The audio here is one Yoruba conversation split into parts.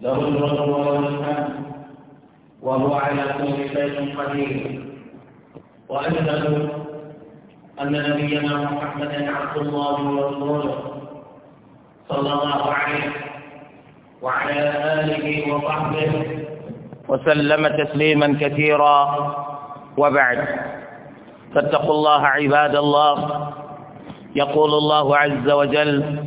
له الرب والحمد وهو على كل شيء قدير واشهد ان نبينا محمدا عبد الله ورسوله صلى الله عليه وعلى اله وصحبه وسلم تسليما كثيرا وبعد فاتقوا الله عباد الله يقول الله عز وجل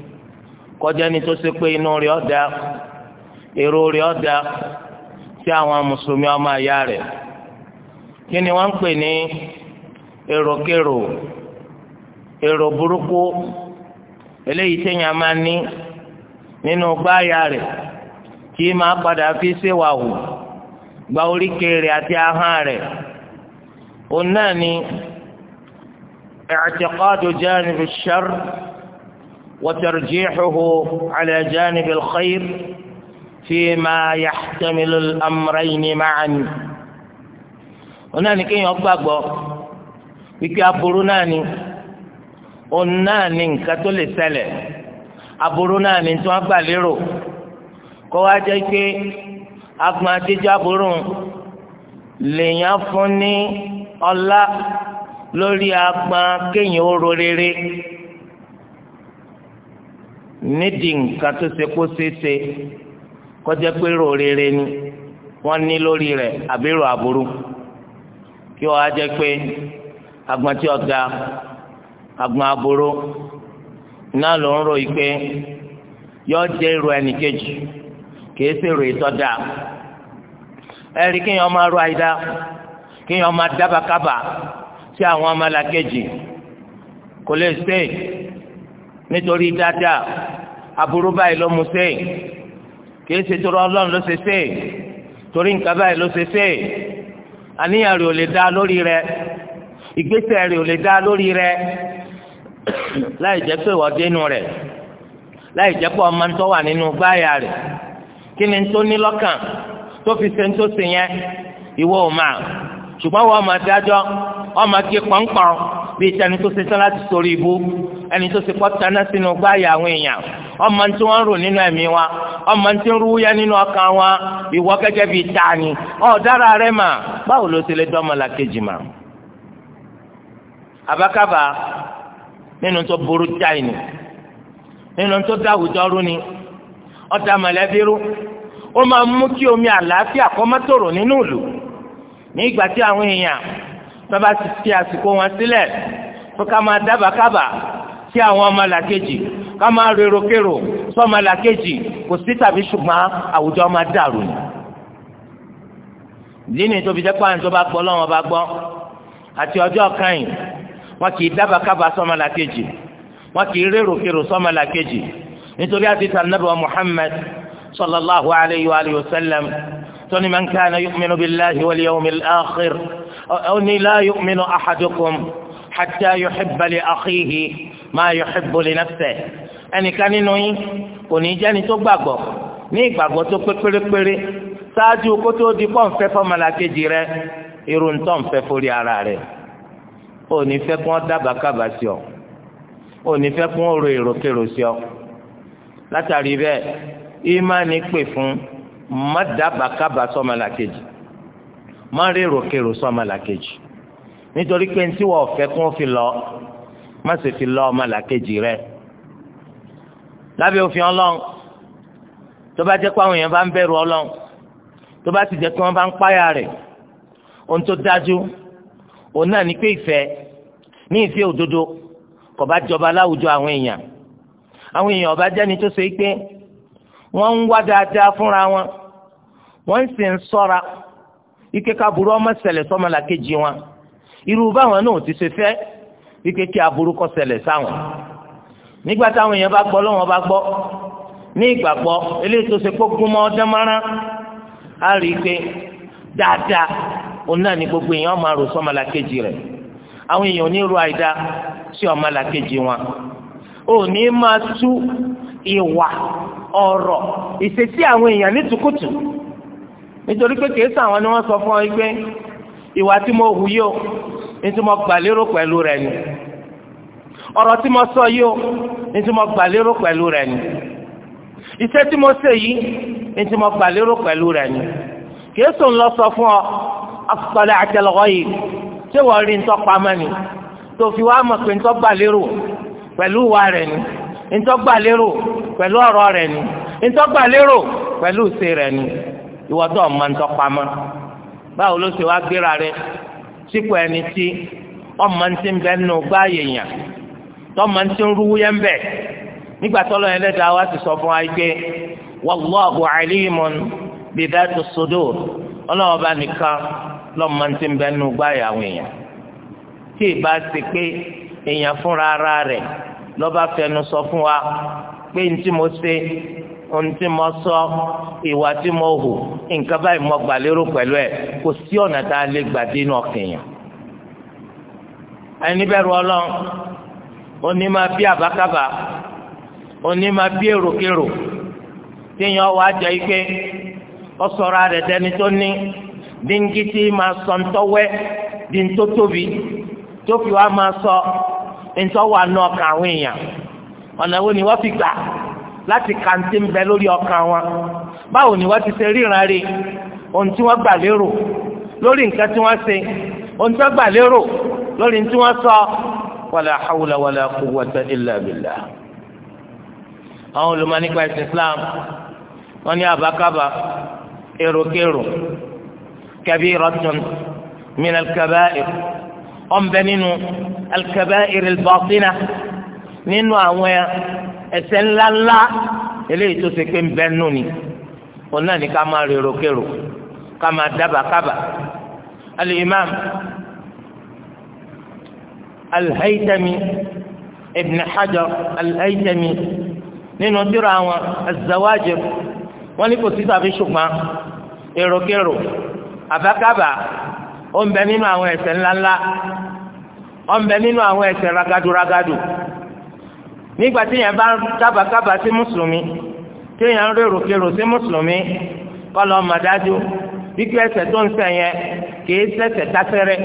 kọjá ni tó ṣe pé inú rẹ̀ ọ̀dà èrò rẹ̀ ọ̀dà sí àwọn mùsùlùmí ọmọ àyà rẹ̀ kí ni wọ́n ń pè ní èròkèrò èrò burúkú eléyìí téèyàn máa ní nínú gbáàyà rẹ̀ kí máa padà fi ṣèwà wò gba oríkèé àti ahọ́n rẹ̀ òun náà ni i'tiqadu janib ash-sharr. وترجيحه على جانب الخير فيما يحتمل الأمرين معا هنالك يبقى wípé aburú náà ni òun náà ni nǹkan tó lè ṣẹlẹ̀ aburú náà ni tí wọ́n gbà lérò kó wá jẹ́ pé agbọn adéjọ́ aburú lèèyàn fún ní ọlá lórí agbọn kéèyàn ó ro rere. nídìí nǹkan tó ṣe kó ṣeéṣe kọjá pé rò rere ni wọ́n ní lórí rẹ̀ àbírò àbúrú kí wọ́n á jẹ pé agbọn tí ọga agbọn aburú náà ló ń ròyìn pé yọ jẹ́ èrò ẹnìkejì kìí ṣe èrò ìtọ́jà ẹ̀rí kéèyàn máa rọ àyídá kéèyàn máa dábàkábà sí àwọn ọmọlàkejì kò lè ṣe é. nítorí dáadáa aburú báyìí ló mu sí kìí ṣe torí ọlọ́run ló ṣe sí torí nǹkan báyìí ló ṣe sí àníyàn rẹ̀ ò lè dá lórí rẹ̀ ìgbésẹ̀ rẹ̀ ò lè dá lórí rẹ̀ láì jẹ́ pé wọ́n dénú rẹ̀ láì jẹ́ pé ọmọ tó wà nínú gbáyà rẹ̀ kí ni tó ní lọ́kàn tó fi ṣe ń tó ṣe yẹn ìwọ ò máa ṣùgbọ́n wọ́n máa dájọ́ wọ́n máa ké pọ́npọ́n bíi tí ẹni tó ṣe sọ́lá ti sórí ibú ẹni tó ṣe pọ́tánà sínú gbáyà àwọn èèyàn ọmọ tí wọ́n ń rò nínú ẹ̀mí wa ọmọ tí ń rúwúyẹ́ nínú ọkàn wa ìwọ gẹ́gẹ́ bíi tani ọ̀dára rẹ mà báwo ló ṣe lè dọ́mọ làkejì mà. àbákàbà nínú tó burú jáì ni nínú tó dáwùjọ rú ni ọ̀dà mọ̀lẹ́bí rú ó máa mú kí omi àlàáfíà kọ́ nínú ìlú nígbà tí àwọn èèyàn bàbá ti fi àsìkò wọn sílẹ̀ fún ká máa dábàákábà sí àwọn ọmọ làkejì ká máa rero kérò sọmọ làkejì kò sí tàbí ṣùgbọ́n àwùjọ máa dàrú ni. ìdíni tó fi jẹ́ pé àwọn tó bá gbọ́ lọ́wọ́ bá gbọ́ àti ọjọ́ kan yìí wọn kì í dábàákábà sọmọ làkejì wọn kì í rero kérò sọmọ làkejì nítorí àti tànàbọ̀ Muhammad sallallahu alayhi wa sallam tóní man kana yu'minu billahi wal yawmil akhir ó ní la yu'minu ahadukum hatta yuhibba li akhihi ma yuhibbu li nafsihi ẹnìkan nínú yín kò ní jẹ́ni tó gbàgbọ́ ní ìgbàgbọ́ tó pé pérépéré ṣáájú kó tó di pọ́ǹfẹ́ fọmọlàkejì rẹ irú ntọ́ nfẹ́ forí ara rẹ̀ ó ní fẹ́ kí wọ́n dábàá kábà sí ọ ó ní fẹ́ kí wọ́n ro èròkèrò sí ọ látàrí bẹ́ẹ̀ ìmánì pè fún má dábàákábàá sọ́mọlàkejì má rérò kérò sọ́mọlàkejì nítorí pé ní tí wọ́n fẹ́ kún fi lọ má sì fi lọ ọmọlàkejì rẹ lábẹ́ òfin ọlọ́run tó bá jẹ́ pé àwọn èèyàn bá ń bẹ̀rù ọlọ́run tó bá sì jẹ́ pé wọ́n bá ń páyà rẹ̀ ohun tó dájú òun náà ní pé ìfẹ́ ní ìfẹ́ òdodo kò bá jọba láwùjọ àwọn èèyàn àwọn èèyàn ọba jẹ́ni tó ṣe é pé wọ́n ń wá dáadáa fúnra wọn wọ́n sì ń sọ́ra ike kaburú ọmọ ṣẹlẹ̀ sọ́mọlàkejì wọn irú báwọn náà ti ṣe fẹ́ ike kí aburú kó ṣẹlẹ̀ sáwọn nígbà táwọn èèyàn bá gbọ́ lọ́wọ́n bá gbọ́ ní ìgbàgbọ́ eléyìí tó ṣe kó gúnmọ́ dánmọ́rán á rí i pé dáadáa òun náà ni gbogbo èèyàn máa rò sọ́mọlàkejì rẹ̀ àwọn èèyàn ní àìda sí ọmọlàkejì wọn ò ní máa tú ìwà ọ̀rọ̀ ìṣesí àwọn èèyàn nítukùtù nítorí pé kìí sàwọn ni wọ́n sọ fún ọ pé ìwà tí mo hù yìí o ní tí mo gbà lérò pẹ̀lú rẹ̀ ni ọ̀rọ̀ tí mo sọ yìí o ní tí mo gbà lérò pẹ̀lú rẹ̀ ni iṣẹ́ tí mo ṣe yìí ní mo gbà lérò pẹ̀lú rẹ̀ ni kìí sùn lọ sọ fún ọ akpọ̀lẹ̀ àtẹlọ́gọ́ yìí ṣé wọ́n rí ntọ́ pamọ́ ni tó fi wá mọ̀ pé ntọ́ gbà lérò pẹ̀lú ìwà rẹ̀ ni ntọ́ gbà lérò pẹ̀lú ọ̀rọ̀ rẹ̀ ni ntọ́ gbà lérò pẹ̀lú ìṣe rẹ̀ ni ìwọ tó ọmọ ń tọpamọ báwo ló ṣe wá gbéra rẹ sípò ẹni tí ọmọ ń ti ń bẹ nínú gbá yèèyàn tọmọ ń ti ń rúwú yẹn bẹ nígbà tọ́lọ́ yẹn lẹ́dàá wá ti sọ fún wa pé wallahu alimun bi dhati sudur ọlọ́wọ́ bá nìkan lọ́mọ ń ti ń bẹ nínú gbá yàwó èèyàn tí ì ti pé èèyàn fúnra ara rẹ̀ lọ́ba fẹnu sọ fún wa pé ntí mo ṣe ohun tí sọ ìwà tí mo hù nǹkan báyìí mo gbà lérò pẹ̀lú ẹ̀ kò sí ọ̀nà tá a lè gbà dénú ọkàn yẹn. ẹni bẹ́ẹ̀ ọlọ́run oní máa bí àbákàbà oní máa bí èròkèrò téèyàn wá jẹ́ ike ó sọra rẹ̀ dẹni tó ní díngítì máa sọ ntọ́wẹ́ di ntótóbi tó fi wá máa sọ ntọ́wà náà kàwé yẹn ni wọ́n fi gbà. láti kàǹtí ń bẹ lórí ọkàn wọn báwo ni wọ́n ti ṣe ríran rí ohun tí wọ́n gbà lérò lórí nǹkan tí wọ́n ṣe ohun tí wọ́n gbà lérò lórí ohun tí wọ́n sọ wàlà hawla wàlà quwwata illa àwọn olùmọ̀ nípa ẹ̀sìn Islam wọ́n ní àbákábà èròkèrò kabiratun min al-kaba'ir ọ̀nbẹ nínú al-kaba'ir al nínú àwọn ẹ̀ṣẹ̀ ńláńlá eléyìí tó ṣe pé ń bẹ nù ni òun náà ní ká máa rèrò kérò ká máa dábàkábà al-imam al-haytami ibn hajar al-haytami nínú tírà wọn az-zawajir wọn ní kò sí tàbí ṣùgbọ́n èrò kérò àbákábà ó ń bẹ nínú àwọn ẹ̀ṣẹ̀ ńláńlá ó ń bẹ nínú àwọn ẹ̀ṣẹ̀ ragaduragadu. Ragadu nígbà tí yẹn bá ń kábàkábà sí mùsùlùmí tí yẹn ń rérò kérò sí mùsùlùmí kọlọ ọmọ dájú bíkú ẹ̀ṣẹ̀ tó ń ṣẹ̀ yẹn kìí ṣẹ̀ṣẹ̀ tásẹrẹ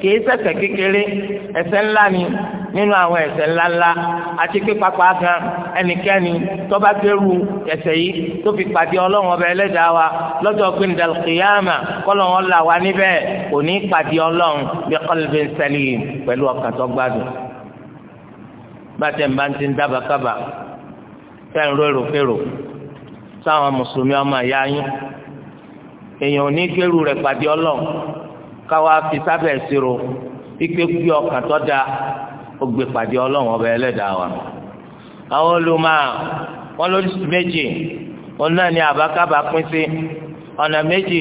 kìí ṣẹ̀ṣẹ̀ kékeré ẹ̀ṣẹ̀ ńlá ni nínú àwọn ẹ̀ṣẹ̀ ńláńlá àti pípapá gan ẹnikẹ́ni tó bá gbẹrù ẹ̀ṣẹ̀ yìí tó fi pàdé Ọlọ́run ọba Ẹlẹ́dàá wa lọ́jọ́ gbẹndàlù kìyàmà kọlọ wọn là wá níbẹ̀ kò ní pàdé Ọlọ́run bí qalbin salim pẹ̀lú ọkàn tó gbádùn. gbàtẹ́ ń bá ti ń dábàá kábàá tẹ́ ń ró èròkérò sáwọn mùsùlùmí ọmọ ìyá yín èèyàn ní kérù rẹ̀ pàdé fi sábẹ̀ da pàdé ọba ẹlẹ́dàá wa. àwọn wọn ló méjì òun náà ní àbákábà pín sí ọ̀nà méjì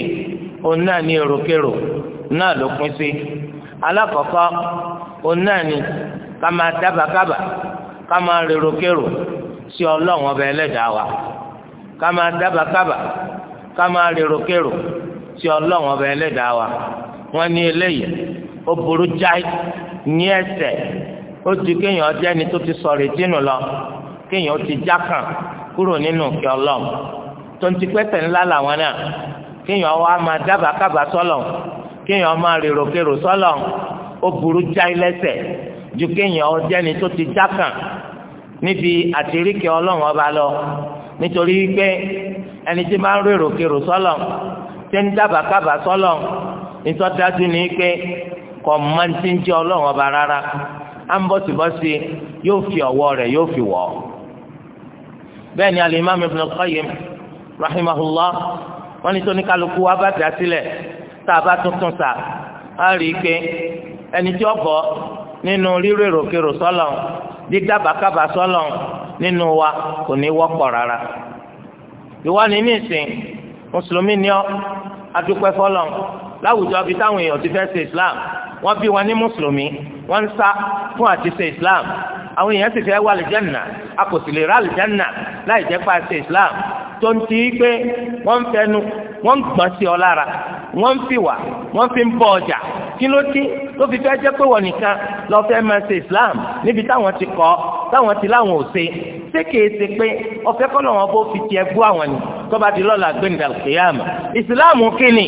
òun náà ní náà ló pín ká máa dábàkábà ká máa rèròkèrò sí ọlọ́run ọba ẹlẹ́dàá wa ká máa dábàkábà ká máa rèròkèrò sí ọlọ́run ọba ẹlẹ́dàá wa wọ́n ní eléyìí ó burú jáì ní ẹsẹ̀ ó ti kéèyàn ọjọ́ ẹni tó ti sọ̀rọ̀ ìdínú lọ kéèyàn ó ti já kàn kúrò nínú kí ọlọ́run tó ń ńlá làwọn náà kéèyàn wá máa dábàákàbà sọ́lọ̀ kéèyàn máa rèròkèrò sọ́lọ̀ ó burú jáì lẹ́sẹ̀ ju kéèyàn ọjẹni tó ti dákàn níbi àtiríkẹ Ọlọ́run ọba lọ nítorí pé ẹni tí máa ń rèrò kèrò sọlọ tí ń dábàá kábàá sọlọ nítorí dájú ni pé kò máa ń ti ń jẹ Ọlọ́run ọba rárá á ń bọ́sibọ́sí yóò fi ọwọ́ rẹ̀ yóò fi wọ̀ ọ́ bẹ́ẹ̀ ni alimami Ibn Qayyim rahimahullah wọ́n ní tóní kálukú wa bá dá sílẹ̀ tá a bá tuntun sà á rí i pé ẹni tí ó nínú rírò èròkèrò sọ́lọ̀ dídábàkàbà sọ́lọ̀ nínú wa kò ní wọ́pọ̀ rárá ìwọ ni nísìn mùsùlùmí ni ọ́ adúpẹ́ fọ́lọ̀ láwùjọ bíi táwọn èèyàn ti fẹ́ ṣe islam wọ́n bí wọn ní mùsùlùmí wọ́n ń sá fún àti ṣe islam àwọn èèyàn sì fẹ́ wà lìjánà a kò sì lè rà lìjánà láì jẹ́ pa ṣe islam tó ń ti pé wọ́n ń fẹnu wọ́n ń gbọ́n sí ọ lára wọ́n ń fi wà wọ́n fi ń bọ ọjà kí ló dé ló fi fẹ́ jẹ́ pé wọ́n nìkan lọ fẹ́ máa ṣe islam níbi táwọn ti kọ́ táwọn ti láwọn ò ṣe ṣé kìí ṣe pé ọ̀fẹ́ kọ́ lọ́wọ́ bó fi tiẹ̀ bú àwọn ni tó bá di lọ́la gbẹ̀ndà kìyàmù islam kìíní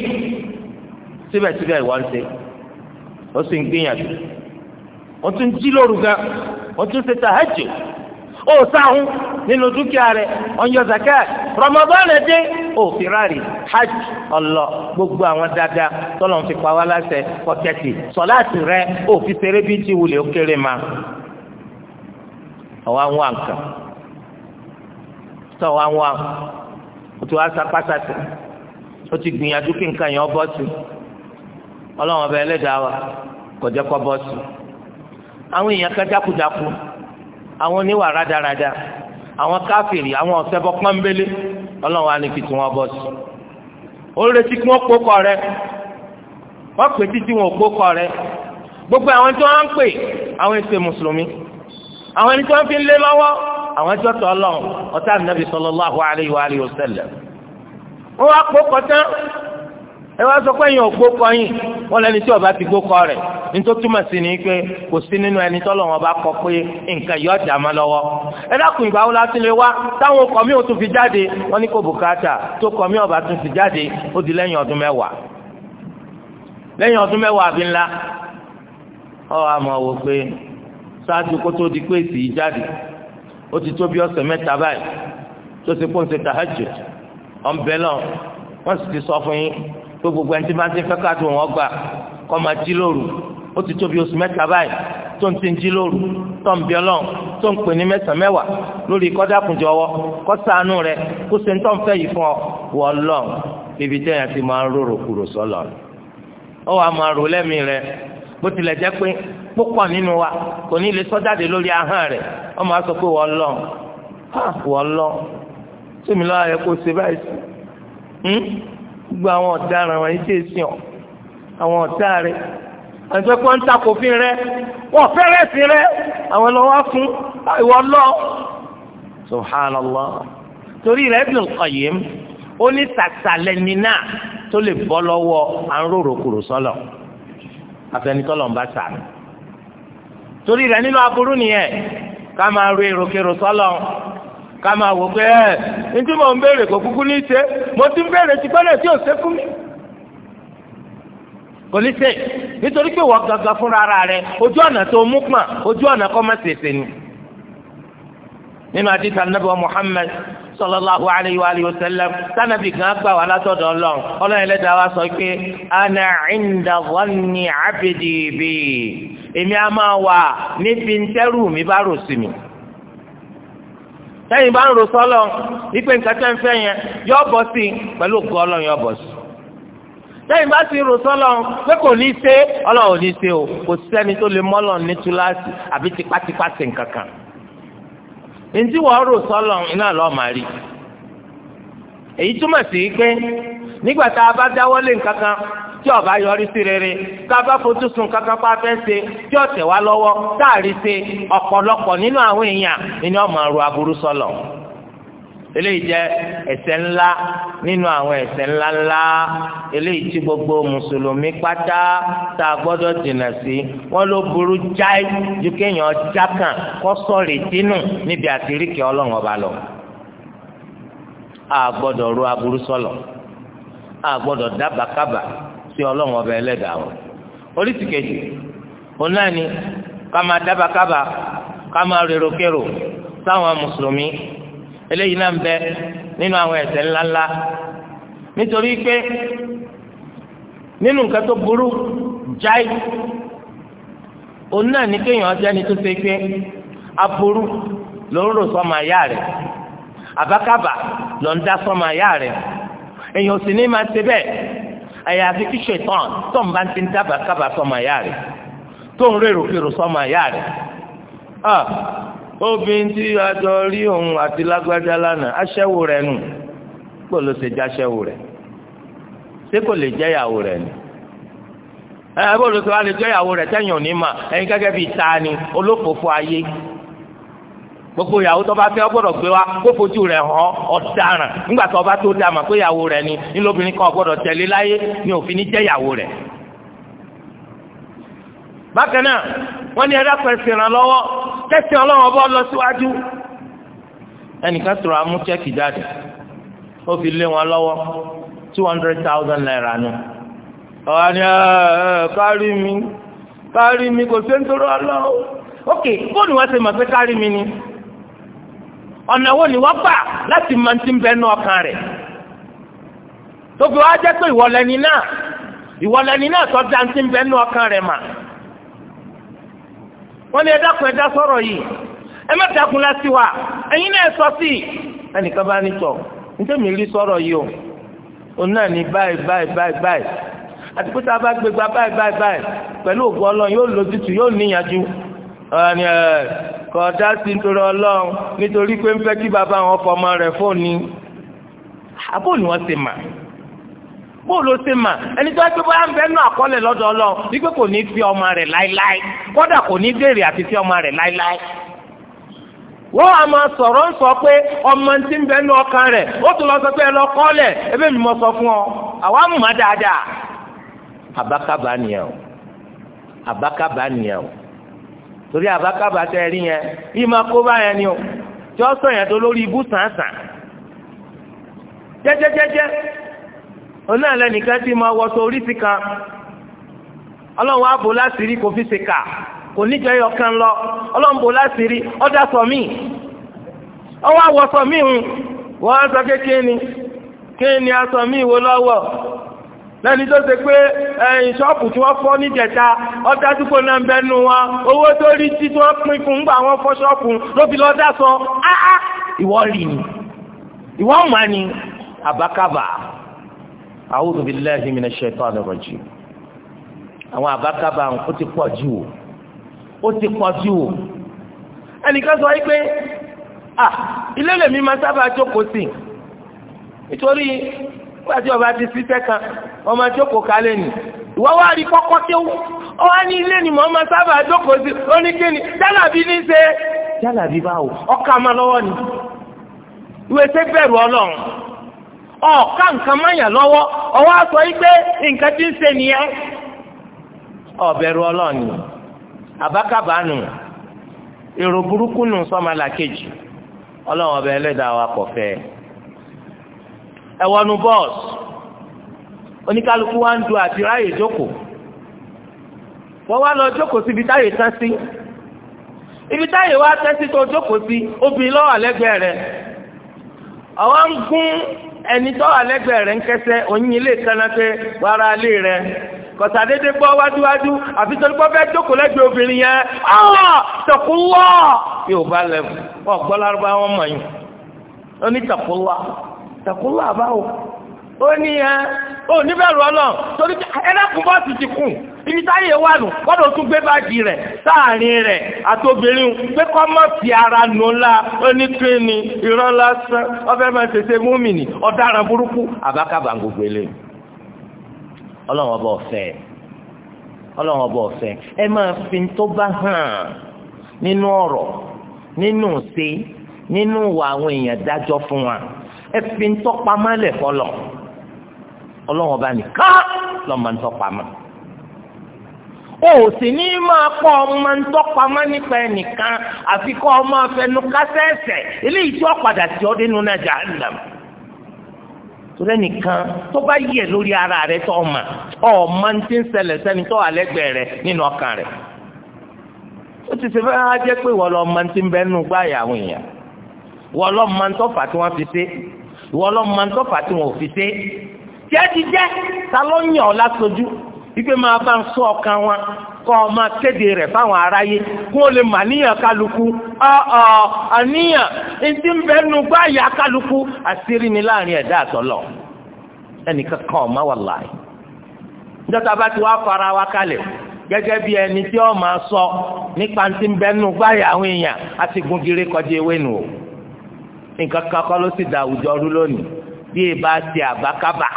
síbẹ̀síbẹ̀ ìwọ́n ṣe ó sì ń gbìyànjú ó tún jí lóru gan ó tún ṣe tàhájù O sáhùn nínú dúkìá rẹ̀ ọ̀yọ́ zakat Ramadan dé òfin ráàlì hajj ọlọ gbogbo àwọn dáadáa tọ́lọ̀ ń fi pa wá láṣẹ pọ̀kẹ́tì sọ̀láàtì rẹ̀ òfin ṣeré bí ti wulẹ̀ ó kéré ma ọ̀wá ń wá nǹkan tọ́ wá wá o ti wá sapásátì o ti gbìyànjú kí nǹkan yẹn bọ́ sí ọlọ́run ọba ẹlẹ́dàá wa kò jẹ́ kó bọ́ sí àwọn èèyàn kan jákujáku àwọn oníwà rádaràda àwọn káfìrì àwọn ọ̀sẹ̀bọ pọ́nbélé ọlọ́run wa ní fi tí wọ́n bọ́ sí. ó retí kí wọ́n kókọ rẹ wọ́n pè títí wọn ò kókọ rẹ gbogbo àwọn tí wọ́n ń pè àwọn èsè mùsùlùmí àwọn ẹni tí wọ́n fi ń lé lọ́wọ́ àwọn ẹjọ́ tó ọlọ́run ọ̀tá nàbì sallallahu alaihi wa alihi wọ́n wá kókọ tán ẹ wá sọ pé èèyàn gbó kọ yín wọn lẹni tí ọba ti gbó kọ rẹ̀ nítorí túmọ̀ sí ni pé kò sí nínú ẹni tọ́lọ̀ wọn bá kọ pé nǹkan yọ ọjà máa lọ́wọ́ ẹ dákun ìgbà wọn láti lè wá táwọn ọkọ̀ mi ò tún fi jáde wọn ní kò bùkátà tó kọ mi ọba tún fi jáde ó di lẹ́yìn ọdún mẹ́wàá lẹ́yìn ọdún mẹ́wàá àbí ńlá ọ àmọ́ wò pé ṣáájú kó tó di pé èsì yìí jáde ó ti tó bí ọ̀sẹ̀ mẹ́ta báyìí tó ti pọ́n ṣe ọ̀ tó gbogbo ẹni tí bá ń ti fẹ́ káàtó wọn gbà kọ́ máa jí lóru ó ti tóbi oṣù mẹ́ta báyìí tó ń ti jí lóru tó ń pè ní mẹ́sàn-án lórí ọwọ́ kọ́ rẹ kó ṣe ń tọ́ ń fẹ́ yìí fún ọ ibi tẹ́yà ti máa ń rorò kúrò sọ́lọ̀ wàá máa rò lẹ́mìí rẹ bó tilẹ̀ jẹ́ pé púpọ̀ nínú wa kò ní lè sọ lórí ahọ́n ọ máa sọ pé tí gbogbo àwọn ọ̀daràn wọn yìí ṣe é sìn ọ́ àwọn ọ̀tá rẹ̀ àti pé wọ́n ń takòfin rẹ̀ wọ́n fẹ́rẹ̀ sí rẹ̀ àwọn lọ́wọ́ fún ìwọ lọ. subhanallah torí rẹ̀ Ibn Qayyim ó ní tàtàlẹ́ni náà tó lè bọ́ lọ́wọ́ à ń rorò kúrò sọ́lọ̀ àfẹnitọ́lọ̀ ń bá sàmì. torí rẹ̀ nínú aburú nìyẹn ká máa ro èrò kèrò sọ́lọ̀ ká máa wò pé ẹ ní tí mo ń béèrè kò kúkú ní ṣe ń ti pẹ́lẹ̀ tí ṣe fún mi kò ní ṣe nítorí pé wọ́n gangan rẹ ojú ọ̀nà tó mú pọ̀n ojú ọ̀nà kọ́ ṣèṣe ni nínú Muhammad sallallahu alayhi wa alihi wa sallam sanabi kan gba wa látọ̀dọ̀ Ọlọ́run Ọlọ́run wa sọ pé ana èmi a máa wà níbi ń tẹ́rù mi bá rò sí mi. sẹ́yìn bá ń ro sọ́lọ̀ wípé nǹkan tẹ́ ń fẹ́ yẹn yọ bọ́ sí pẹ̀lú ògùn ọlọ́run yọ bọ́ sí sẹ́yìn bá ti rò sọ́lọ̀ pé kò ní ṣe ọlọ́run ò ní ṣe o kò sẹ́ni tó lè mọ́lọ̀ ní túláàsì àbí tipátipá sí nǹkan kan iná lọ́ọ́ máa rí èyí nígbà tá a bá dáwọ́ lé nǹkan kan tí ó bá yọrí sí rere tá a bá fojú sun kankan pa fẹ́ ṣe tí ó tẹ̀ wá lọ́wọ́ tá a rí ṣe ọ̀pọ̀lọpọ̀ nínú àwọn èèyàn ni ó máa ro aburú sọlọ eléyìí jẹ ẹ̀ṣẹ̀ ńlá nínú àwọn ẹ̀ṣẹ̀ ńlá ńlá eléyìí tí gbogbo mùsùlùmí pátá tá a gbọ́dọ̀ jìnnà sí wọn ló burú jáì ju kéèyàn jákàn kó sọ̀rì dínú níbi àtiríkì Ọlọ́run ọba lọ a gbọ́dọ̀ ro aburú sọlọ. So a dabakaba sí ọlọ́run ọba ẹlẹ́dàá wọn oríṣi kejì ká máa dábàá ká máa rèrò sáwọn mùsùlùmí eléyìí náà ń bẹ nínú àwọn ẹ̀ṣẹ̀ ńláńlá nítorí pé nínú nǹkan tó burú jáì òun kéèyàn ọjọ́ ẹni tó ṣe pé aburú ló ń rò èèyàn sì ní máa ṣe bẹ́ẹ̀ àyàfi kí ṣètàn tó ń bá ti ń dábàá kábàá sọmọ ìyá rẹ̀ tó ń rèrò kèrò sọmọ ìyá rẹ̀ a jọ rí òun àti lágbájá lánàá rẹ̀ nù ló ṣe rẹ̀ ṣé kò lè jẹ́ ìyàwó rẹ̀ ni ẹ bó ló ṣe wá lè jẹ́ ìyàwó rẹ̀ tẹ́yìn òní mà ẹ̀yin gẹ́gẹ́ bíi ta gbogbo ìyàwó tó bá fẹ́ ọ gbọ́dọ̀ gbé wa kó fojú rẹ̀ hàn ọ̀daràn nígbà tó bá tó dá mà pé ìyàwó ni nílòbìnrin kan gbọ́dọ̀ tẹ̀lé láyé ni òfin ní jẹ́ ìyàwó rẹ̀. bákan náà wọ́n ní pẹ̀sì ìrànlọ́wọ́ tẹ̀sí ọlọ́wọ́ bọ́ lọ síwájú. ẹnìkan sọ̀rọ̀ amú chẹ́kì jáde ó fi lé wọn lọ́wọ́ two hundred thousand naira ni kárí mi kárí mi kò ọ̀nà wo ni wọ́n gbà láti máa ti ń bẹ nú ọkàn rẹ̀ tóbi wá jẹ́ pé ìwọlẹ́ni náà ìwọlẹ́ni náà tó dá ti ń bẹ nú ọkàn rẹ̀ mà wọ́n ní ẹ̀dá kun ẹ̀dá sọ̀rọ̀ yìí ẹ má dákun láti wà ẹ̀yin náà sọ sí i ẹnìkan bá ní tọ̀ nítorí rí sọ̀rọ̀ yìí o òun náà ní báyìí báyìí báyìí báyìí àti pé tá a bá gbégbá báyìí báyìí báyìí pẹ̀lú ògùn ọlọ́run yóò lójútùú yóò níyànjú ẹ̀ kọ̀ọ̀dá sí nítorí ọlọ́run nítorí pé ń fẹ́ kí bàbá wọn fọmọ rẹ̀ fóònù àbò ni wọ́n ti mà bóòlù ti mà ẹni tó ẹgbẹ́ bá ń bẹ́ nù àkọọ́lẹ̀ lọ́dọ̀ ọlọ́run wípé kò ní fi ọmọ rẹ̀ láéláé kódà kò ní béèrè àti fi ọmọ rẹ̀ láéláé wọ́n á máa sọ̀rọ̀ ń sọ pé ọmọ tí ń bẹ nù ọkàn rẹ̀ ó tún lọ sọ pé ẹ lọ kọ́lẹ̀ ẹbí mi mọ sọ fún ọ àwa mọ̀ dáadáa àbákábà nìyẹn o àbákábà nìyẹn o. torí àbákàbà tẹ ẹ rí yẹn yìí máa kó ni o tí ó sọ yẹn tó lórí ibú sàǹsàn jẹjẹjẹjẹ oní àlẹ nìkan tí máa wọ sórí sí kan ọlọ́run fi ṣe kà kò níjọ yọ kan lọ ọlọ́run bò láti rí ọjà sọ mí ọwọ́ àwọ̀ sọ mí hùn wọ́n sọ kékeré ni mí lọ́wọ́. lẹ́ni tó ṣe pé ẹ̀yìn ṣọ́ọ̀pù tí wọ́n fọ́ ní jẹta ọjà dúpọ̀ náà ń bẹnu wa owó tó rí tí tí wọ́n pín fún gbà wọ́n fọ́ ṣọ́ọ̀pù ló fi lọ́dá sọ áá ìwọ rí ni ìwọ mà ni àbákàbà a'udhu billahi minash shaitani rajim àwọn àbákàbà ó ti pọ̀ jù ó ti pọ̀ jù ẹnìkan sọ wípé ah ilé lèmi máa sábà jókòó sí nítorí wọ́n ti ọba ti sí sẹ́kàn wọ́n máa jókòó kálẹ̀ nì wá rí kọ́kọ́ tí ó wá ní ilé ni mọ́ máa sábà jókòó sí oníkéni jálàbí ní ṣe jálàbí báwo ọkà máa lọ́wọ́ ni ìwé ṣe bẹ̀rù ọlọ́run ọ̀ọ́ká nǹkan máyà lọ́wọ́ ọwọ́ àtọ́ yìí pé nǹkan ti ń ṣe nìyẹn ọ̀bẹ̀rù ọlọ́run ni àbákàbánu èrò burúkú nù sọ́malà kejì ọlọ́run ọbẹ̀ ẹlẹ́dàá wa kọ̀ fẹ́ ẹ bọ́ọ̀sì oníkálukú wa ń du àti ráyè jókòó wọ́n wá lọ jókòó síbi táyè tán sí ibi táyè wá tán sí tó jókòó sí obìnrin lọ́wọ́ àlẹ́gbẹ̀ẹ́ rẹ̀ àwọn ń gún ẹni tó wà lẹ́gbẹ̀ẹ́ rẹ̀ ń kẹsẹ́ oyin ilé ìtànà pé wàrà ilé rẹ̀ kọ̀tà dédé gbọ́ wájúwájú àfi tó ní kọ́ fẹ́ jókòó lẹ́gbẹ̀ẹ́ obìnrin yẹn áwọ̀ tọ̀kúnlọ́ yóò bá lẹ́bù wọ́n gbọ́ lárúbá wọn mọ̀ yín ó ní tọ̀kúnlọ́ tọ̀kúnlọ́ àbáwò ó ní yẹn ò ní bẹ̀rù ọlọ́run torí ẹlẹ́kùn bọ́ọ̀sì ti kù ibi táyé wà nù gbọ́dọ̀ tún gbé báàgì rẹ̀ sáàrin rẹ̀ àtòbìnrin pé kọ́ mọ̀ sí ara nù ńlá onítìrìnì ìran lásán ọbẹ̀ máa tètè múmìnì ọ̀daràn burúkú àbákàbà gbogbo eléyìí ọlọ́run ọba ọ̀fẹ́ ọlọ́run ọba ọ̀fẹ́ ẹ máa fi tó bá hàn nínú ọ̀rọ̀ nínú ṣe nínú ìwà àwọn èèyàn dájọ́ fún wa ẹ fi tó pamọ́ lẹ̀ fọlọ́ ọlọ́wọ́n bá nìkan lọ́mọ ń tọ́pa mọ́ o sì ní máa kọ́ ọmọ ń tọ́pa mọ́ nípa ẹnìkan àfi kọ́ ọmọ afẹnu kásẹ̀ẹ̀sẹ̀ eléyìí tí wọ́n padà tí ọdún nínú náà jà ń dàm torí nìkan tó bá yẹ lórí ara rẹ tó ọmọ ọmọ ń ti ń ṣẹlẹ̀ sẹ́ni tó wà lẹ́gbẹ̀ẹ́ rẹ nínú ọkàn rẹ ó ti ṣe fẹ́ á jẹ́ pé wọ́n lọ ọmọ ti ń bẹ́nu gbá ìyàwó èèyàn wọ́n lọ ọmọ ń tọ́fà tí wọ́n tí ẹ ti jẹ́ ta ló ń yàn ọ́ lásojú wípé máa bá ń sọ ọkàn wọn kọ́ ọ máa kéde rẹ̀ fáwọn aráyé kí wọ́n lè mà níyàn kálukú ọ̀ọ́ àníyàn etí ń bẹ́ nu gbá kálukú àṣírí ni láàrin ẹ̀dá àtọ́lọ̀ ẹnìkan kan ọ̀ má wà láàyè níjọ́ta bá ti wá fara wa kalẹ̀ gẹ́gẹ́ bí ẹni tí ó máa sọ nípa ti ń bẹ́ nu gbá àwọn èèyàn àti gungire kọjá ewé nu o nǹkan kan kọ́ ló sì dá àwùjọ rú lónìí bí ẹ e bá ti àbákábà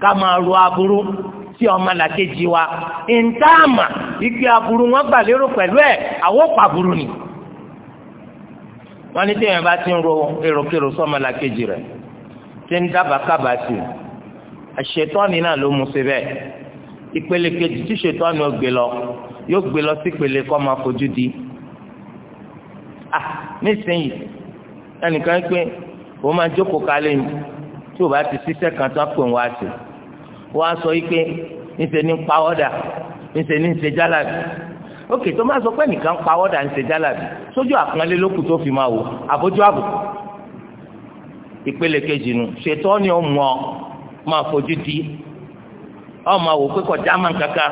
kama máa ro aburú sí ọmọ làkejì wa ìntààmà ike aburú wọn gbà lérò pẹ̀lú ẹ̀ àwọn pàbùrù ni wọn ní téèyàn bá ti ń ro èròkèrò sọmọ làkejì rẹ̀ tí ń dábàá kábàá sí i àṣetọ́ni náà ló mú sí bẹ́ẹ̀ ìpele kejì tí ṣètọ́ni ó gbé lọ yóò gbé lọ sí ìpele kọ́ máa fojú di ah nísìnyí ẹnìkan pé òun máa jókòó kalẹ̀ ní tí ò bá ti ṣiṣẹ́ kan tó á pè wá sí i wọ́n á sọ wípé níṣẹ́ ní pawọ́dà níṣẹ́ ní ṣe jálàbí ókè tó máa sọ pé nìkan pawọ́dà ń ṣe jálàbí sójú àpọ́nlé lókù tó fi máa wò àbójú àbò ìpele kejì nu ṣètò ni ó máa fojú di ọmọ àwò pé kọjá máa ń kaka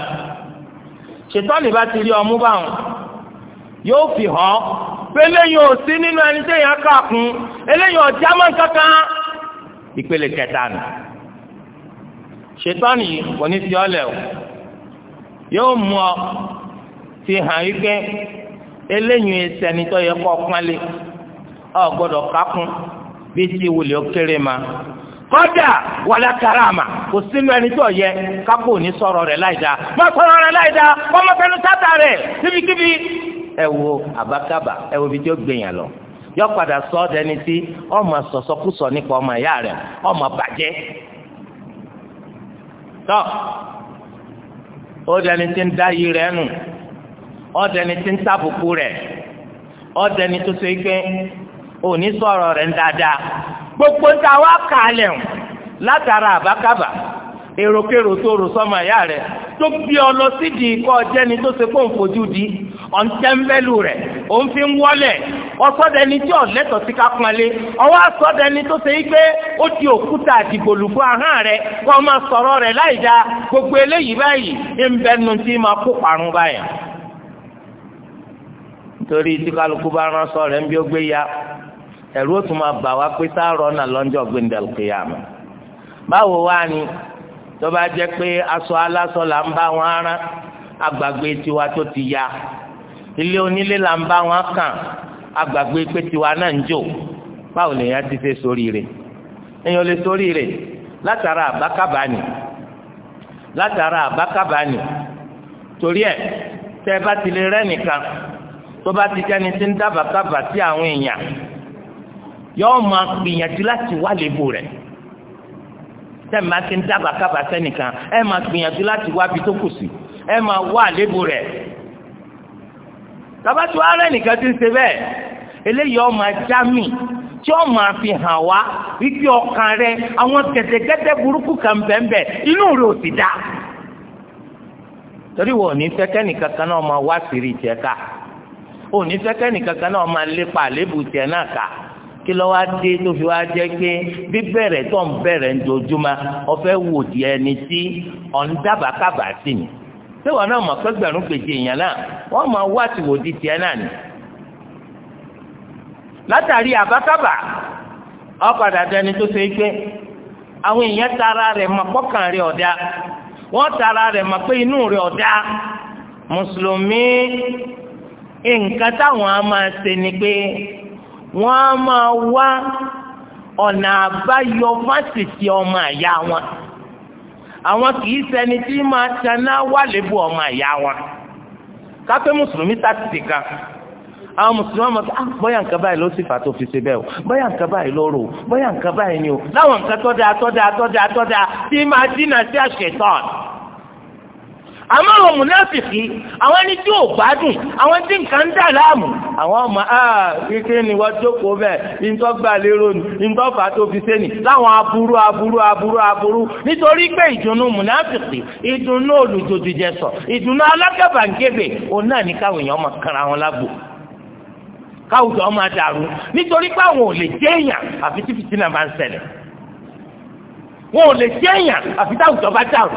ṣètò ni bá ti rí ọmú báwọn yóò fi hàn pé lẹ́yìn ò sí nínú ẹni tẹ̀yàn kà kún eléyìí ọjà kaka ìpele kẹta nù. ṣètọ́nì kò ní fi ọlẹ̀ o yóò mú ọ fi hàn yí pé eléyìí ẹsẹ̀ni tó yẹ kọ́ pánlé ọ gbọ́dọ̀ kákún bí ti wùlé ó kéré ma kọ́dà wàlá karama kò sínú ẹni tó yẹ kápò ní sọ̀rọ̀ rẹ láìda má sọ̀rọ̀ rẹ láìda ọmọ fẹnu tata rẹ̀ síbikíbi ẹ wo àbákàbà ẹ wo ibi tí ó gbìyàn lọ yọ padà sọ ọ́ dẹni tí ọmọ nípa ọmọ ọmọ tọ́ ó dẹni tí ń dá yìí rẹ̀ nù ó dẹni tí ń tàbùkù ó dẹni tó ike òní sọ̀rọ̀ rẹ̀ ń dáadáa gbogbo ń ta wá kàálẹ̀ èròkèrò tó rò sọ́mọ ìyá rẹ̀ tó bí ọ lọ sídìí kọ́ jẹni tó ṣe kó ń fojú di ọ̀ǹtẹ́ńbẹ́lù rẹ̀ òun fi ń wọlé ọsọdẹni tí ọ̀lẹ́tọ̀ sí ká pọnlé ọwọ́ asọdẹni tó ṣe pé ó di òkúta àdìgbòlù fún ahọ́n rẹ̀ kó o máa sọ̀rọ̀ rẹ̀ láì dáa gbogbo eléyìí báyìí ń bẹnu tí máa kó parun báyìí torí tí kálukú bá rán sọ rẹ̀ ń bí ó gbé ya ẹ̀rú ó tún máa bà wá pé sáárọ̀ náà lọ́jọ́ gbẹ̀ndẹ̀lùkìyàmù báwo wá ni tó bá jẹ́ pé aṣọ aláṣọ là ń bá wọn rán agbàgbé tiwa tó ti ya ilé onílé là ń bá wọn kàn agbàgbé pé tiwa náà ń jò báwo lèèyàn ti ṣe sórí rẹ̀ èèyàn lè sórí rẹ̀ látara àbákàbánì látara àbákàbánì torí ẹ̀ tẹ́ ẹ bá ti lè rẹ́ nìkan tó ti jẹ́ni tí ń dábàákàbà sí àwọn èèyàn yọ́ọ́ máa gbìyànjú láti wá lébo rẹ̀ tẹ́mi ti ń dábàá kábàá sẹ́nìkan ẹ máa gbìyànjú láti wá bi tó kù ẹ máa wá àléébù rẹ̀ bàbá tí wàá rẹ̀ nìkan ti ń ṣe bẹ́ẹ̀ eléyìí ọmọ ajá mi tí ó máa fi hàn wá wípé ọkàn rẹ àwọn gẹ̀dẹ̀gẹ̀dẹ̀ burúkú kan bẹ́ẹ̀ inú rẹ̀ ò sì dá torí wọn ò ní fẹ́ kan náà máa wá sírí tiẹ̀ ká kí ló wá dé tó fi wá jẹ́ pé bíbẹ̀rẹ̀ tó ń bẹ̀rẹ̀ ń dojúmọ́ ọ̀fẹ́ wò di ẹni tí ọ̀ ń dábàá kábàá sí ni ṣé wọn náà mọ̀ pẹ́gbẹ̀rún kejì èèyàn náà wọ́n máa wá tìwò di tiẹ̀ náà ni látàrí àbákábà ọ̀padà dẹni tó ṣe é pé àwọn èèyàn tara rẹ̀ mọ̀ pọ́kàn rẹ̀ ọ̀dá wọ́n tara rẹ̀ mọ̀ pé inú rẹ̀ ọ̀dá mùsùlùmí nǹkan táwọn á máa ṣe ni pé wọ́n á máa wá ọ̀nà àbáyọ fásitì ọmọ àyà wọn àwọn kì í ṣẹni tí máa taná wàlébù ọmọ àyà wọn kápẹ́ mùsùlùmí sátìtì kan àwọn mùsùlùmí ọmọ ah bóyá nǹkan báyìí ló sì fà tó fi ṣe bẹ́ẹ̀ o bóyá nǹkan báyìí ló rò o bóyá nǹkan báyìí ni o láwọn nǹkan tó dáa tó dáa tó dáa tó dáa tí máa dínà sí àṣetán. àmọ́ àwọn mùnáfìkì àwọn ẹni tí ò gbádùn àwọn tí nǹkan ń dà láàmú àwọn ọmọ ah, kékeré ni wọ́n jókòó bẹ́ẹ̀ ntọ́ gbà lérò ní ntọ́ fà tó fi sẹ́ni láwọn aburú aburú aburú aburú nítorí pé ìdùnnú mùnáfìkì ìdùnnú olùdòdìjẹsọ ìdùnnú alágàbàǹgebè òun náà ní káwọn èèyàn máa kára wọn lágbo káwùjọ ọmọ adàrú nítorí pé àwọn ò lè jẹ́ èèyàn àfi tí fìtínà máa ń ṣẹlẹ̀ wọn ò lè jẹ́ àfi táwùjọ bá dàrú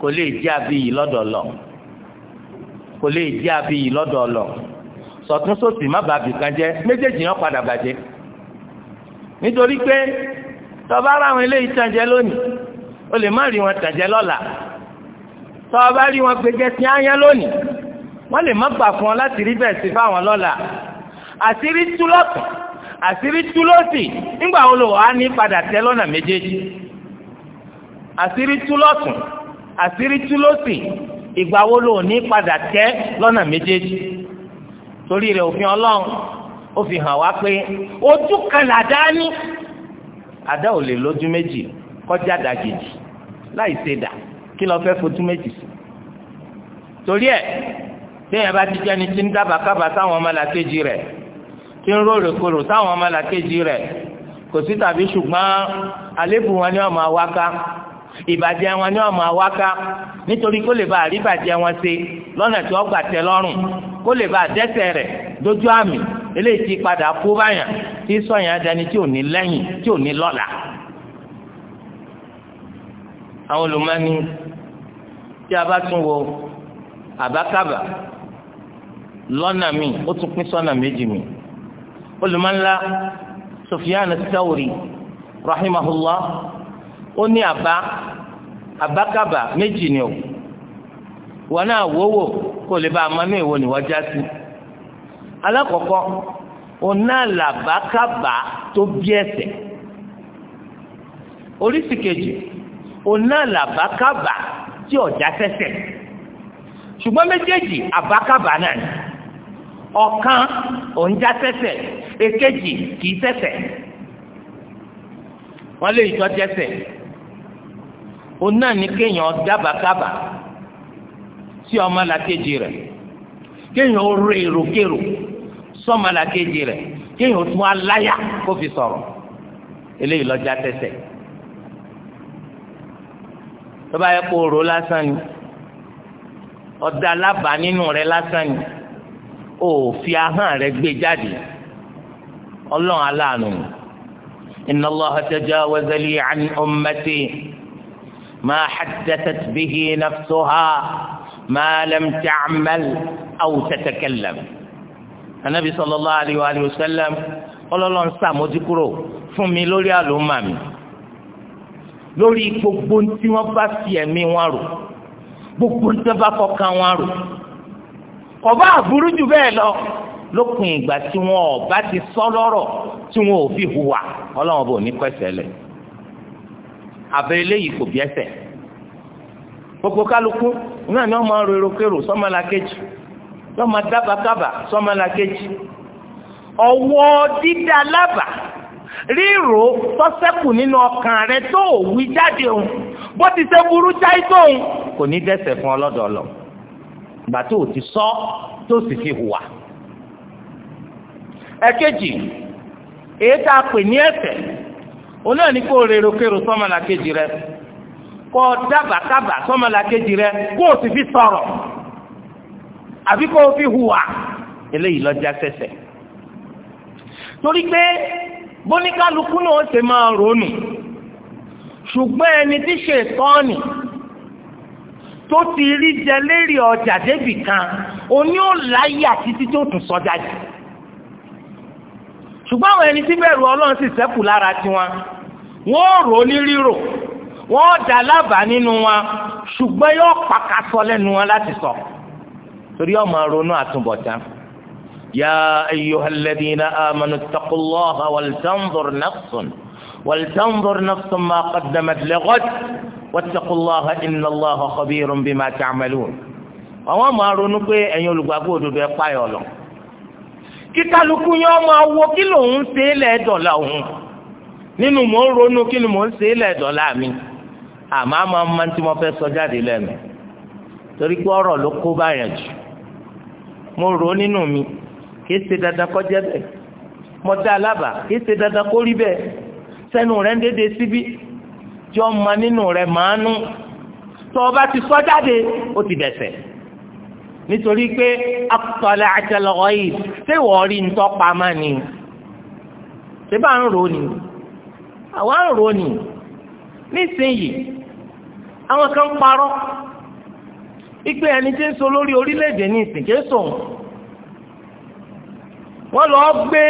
kò lè jẹ́ abiyì lọ́dọ̀ lọ kò lè jẹ́ abiyì lọ́dọ̀ lọ sọ̀tún sòsì má bàbí kan jẹ́ méjèèjì yẹn padà bàjẹ́ nítorí pé tọba ara àwọn eléyìí tàn jẹ lónìí o lè má rí wọn tàn jẹ lọ́la tọba rí wọn gbẹjẹ sí ayán lónìí wọn lè má gbà fún ọ láti rí bẹ́ẹ̀ sí fáwọn lọ́la àṣírí tú lọ́tọ̀ àṣírí tú nígbà wo lò wá ní padà tẹ lọ́nà méjèèjì àṣírí tú àṣírí tú ló sì ìgbà wo ló ní padà tẹ́ lọ́nà méjèèjì torí rẹ̀ òfin ọlọ́run ó fi hàn wá pé ojú kan làdá ní àdá ò lè lójú méjì kọjá dàgèjì láì ṣe dà kí lọ fẹ́ fojú méjì sí torí ẹ̀ téèyàn bá ti jẹni tí ń dábàá kábàá sáwọn ọmọlàkejì rẹ̀ tí ń rórè korò sáwọn ọmọlàkejì rẹ̀ kò sí tàbí ṣùgbọ́n àlébù wọn ni wọ́n máa wá ká ìbàjẹ́ wọn ni wọ́n máa wá ká nítorí kó lè bá àríbàjẹ́ wọn ṣe lọ́nà tí wọ́n gbà tẹ́ lọ́rùn kó lè bá dẹ́ṣẹ̀ rẹ̀ dójú àmì eléyìí ti padà kó báyàn tí sọ̀yàn dání tí ò ní lẹ́yìn tí ò ní lọ́la. àwọn olùmọ́ni tí a bá tún wo àbákàbà lọ́nà míì ó tún pín sọ́nà méjì míì olùmọ́nlá Sufyan as-Sawri ó ní àbá àbákàbà méjì ni o wọn náà wówó kó lè bá a máa mí ìwọ níwọ̀n já sí alákọ̀ọ́kọ́ òun náà làbákàbà tó bí ẹ̀ṣẹ̀ oríṣi kejì òun náà làbákàbà tí ọ̀já sẹ́sẹ̀ ṣùgbọ́n méjèèjì àbákàbà náà ni ọ̀kan òun já sẹ́sẹ̀ èkejì kìí sẹ́sẹ̀ wọ́n lé ìjọ òun náà ní kéèyàn dábàkábà sí ọmọlàkejì rẹ̀ kéèyàn ó rò èròkérò sọmọlàkejì rẹ̀ kéèyàn ó tún aláyà kó fi sọ̀rọ̀ eléyìí lọ́jà tẹ̀sẹ̀ tó bá yẹ kó rò lásán ni ọ̀dà alábà nínú rẹ̀ lásán ni ó fi ahọ́n rẹ̀ gbé jáde ọlọ́run aláàánú inna Allaha tajawaza li an ummati. ما حدثت به نفسها ما لم تعمل أو تتكلم النبي صلى الله عليه وآله وسلم ọlọ́lọ́run sàmójúkúrò fún mi lórí àlùmọ́ mi lórí gbogbo tí wọ́n bá fi ẹ̀mí wọn rò gbogbo tí wọ́n bá fọkàn wọn rò ọba àbúrú jù bẹ́ẹ̀ lọ lópin ìgbà tí wọn ò ti sọ lọ́rọ̀ tí wọn ò fi hùwà ọlọ́run bò ní kọ́sẹ̀ àbẹ eléyìí kò bí ẹsẹ̀ gbogbo kálukú náà ni wọn máa ń ro erokero sọmọlá kejì wọn máa dábàá kábà sọmọlá kejì ọwọ́ dídá lábà ríro tọ́sẹ́kù nínú ọkàn rẹ tó wí jáde òun bó ti ṣe burú jáì tóun kò ní dẹ́ṣẹ̀ fún ọlọ́dọ̀ ọlọ gbà tó ti sọ tó sì fi hùwà. ẹ̀kejì èyí tá a pè ní ẹ̀ṣẹ̀ òun náà ní kó rèrò kérò sọ́mọlàkejì rẹ kó dábàkábà sọ́mọlàkejì rẹ kó o sì fi sọ̀rọ̀ àbí kó o fi hùwà eléyìí lọ́jà sẹ̀sẹ̀ torí pé bóníkálukú náà ṣe máa ronú ṣùgbọ́n ẹni tí ṣe tọ́ọ̀nì tó ti rí jẹ lérí ọjà débì kan òní ò láyà títí tó tún sọjà jù ṣùgbọ́n àwọn ẹni tí bẹ̀rù ọlọ́run sì sẹ́kù lára tiwọn wọ́n rò ní rírò wọ́n dà lábàá nínú wọn ṣùgbọ́n yóò pàkàsọ lẹ́nu wọn láti sọ torí ọmọ ronú àtúbọ̀tán. يا أيها الذين آمنوا اتقوا الله ولتنظر نفس ولتنظر نفس ما قدمت لغد واتقوا الله إن الله خبير بما تعملون àwọn máa ronú pé ẹ̀yin olùgbàgbọ́ òdodo kí kálukú yẹn ọmọ awo kí lòun ṣe é lẹ́ẹ̀dọ̀la òun nínú mò ń ronú kí ni mò ń ṣe é lẹ́ẹ̀dọ̀la mi àmọ́ àmọ́ ọmọ tí mo fẹ́ sọ jáde lẹ́nu torí pé ọ̀rọ̀ ló kó báyàn jù mo rò nínú mi kìí ṣe dandan kó jẹ́ bẹ́ẹ̀ mo dá a lábàá kìí ṣe dandan kó rí bẹ́ẹ̀ sẹ́nu rẹ̀ ń dédé síbí tí ọmọ nínú rẹ̀ máa ń nú tọ́ ọ bá ti sọ jáde ó ti dẹ̀sẹ̀ nítorí pé akutọ̀lẹ̀ àtẹlọ́wọ́ yìí ṣé wọ́n rí ntọ́pamọ́ ni ṣé bá ń rò ni àwa ń rò ni nísìnyí àwọn kan parọ́ ìpè ẹni tí ń so lórí orílẹ̀-èdè ní ìsìnkè sòun wọ́n lọ gbé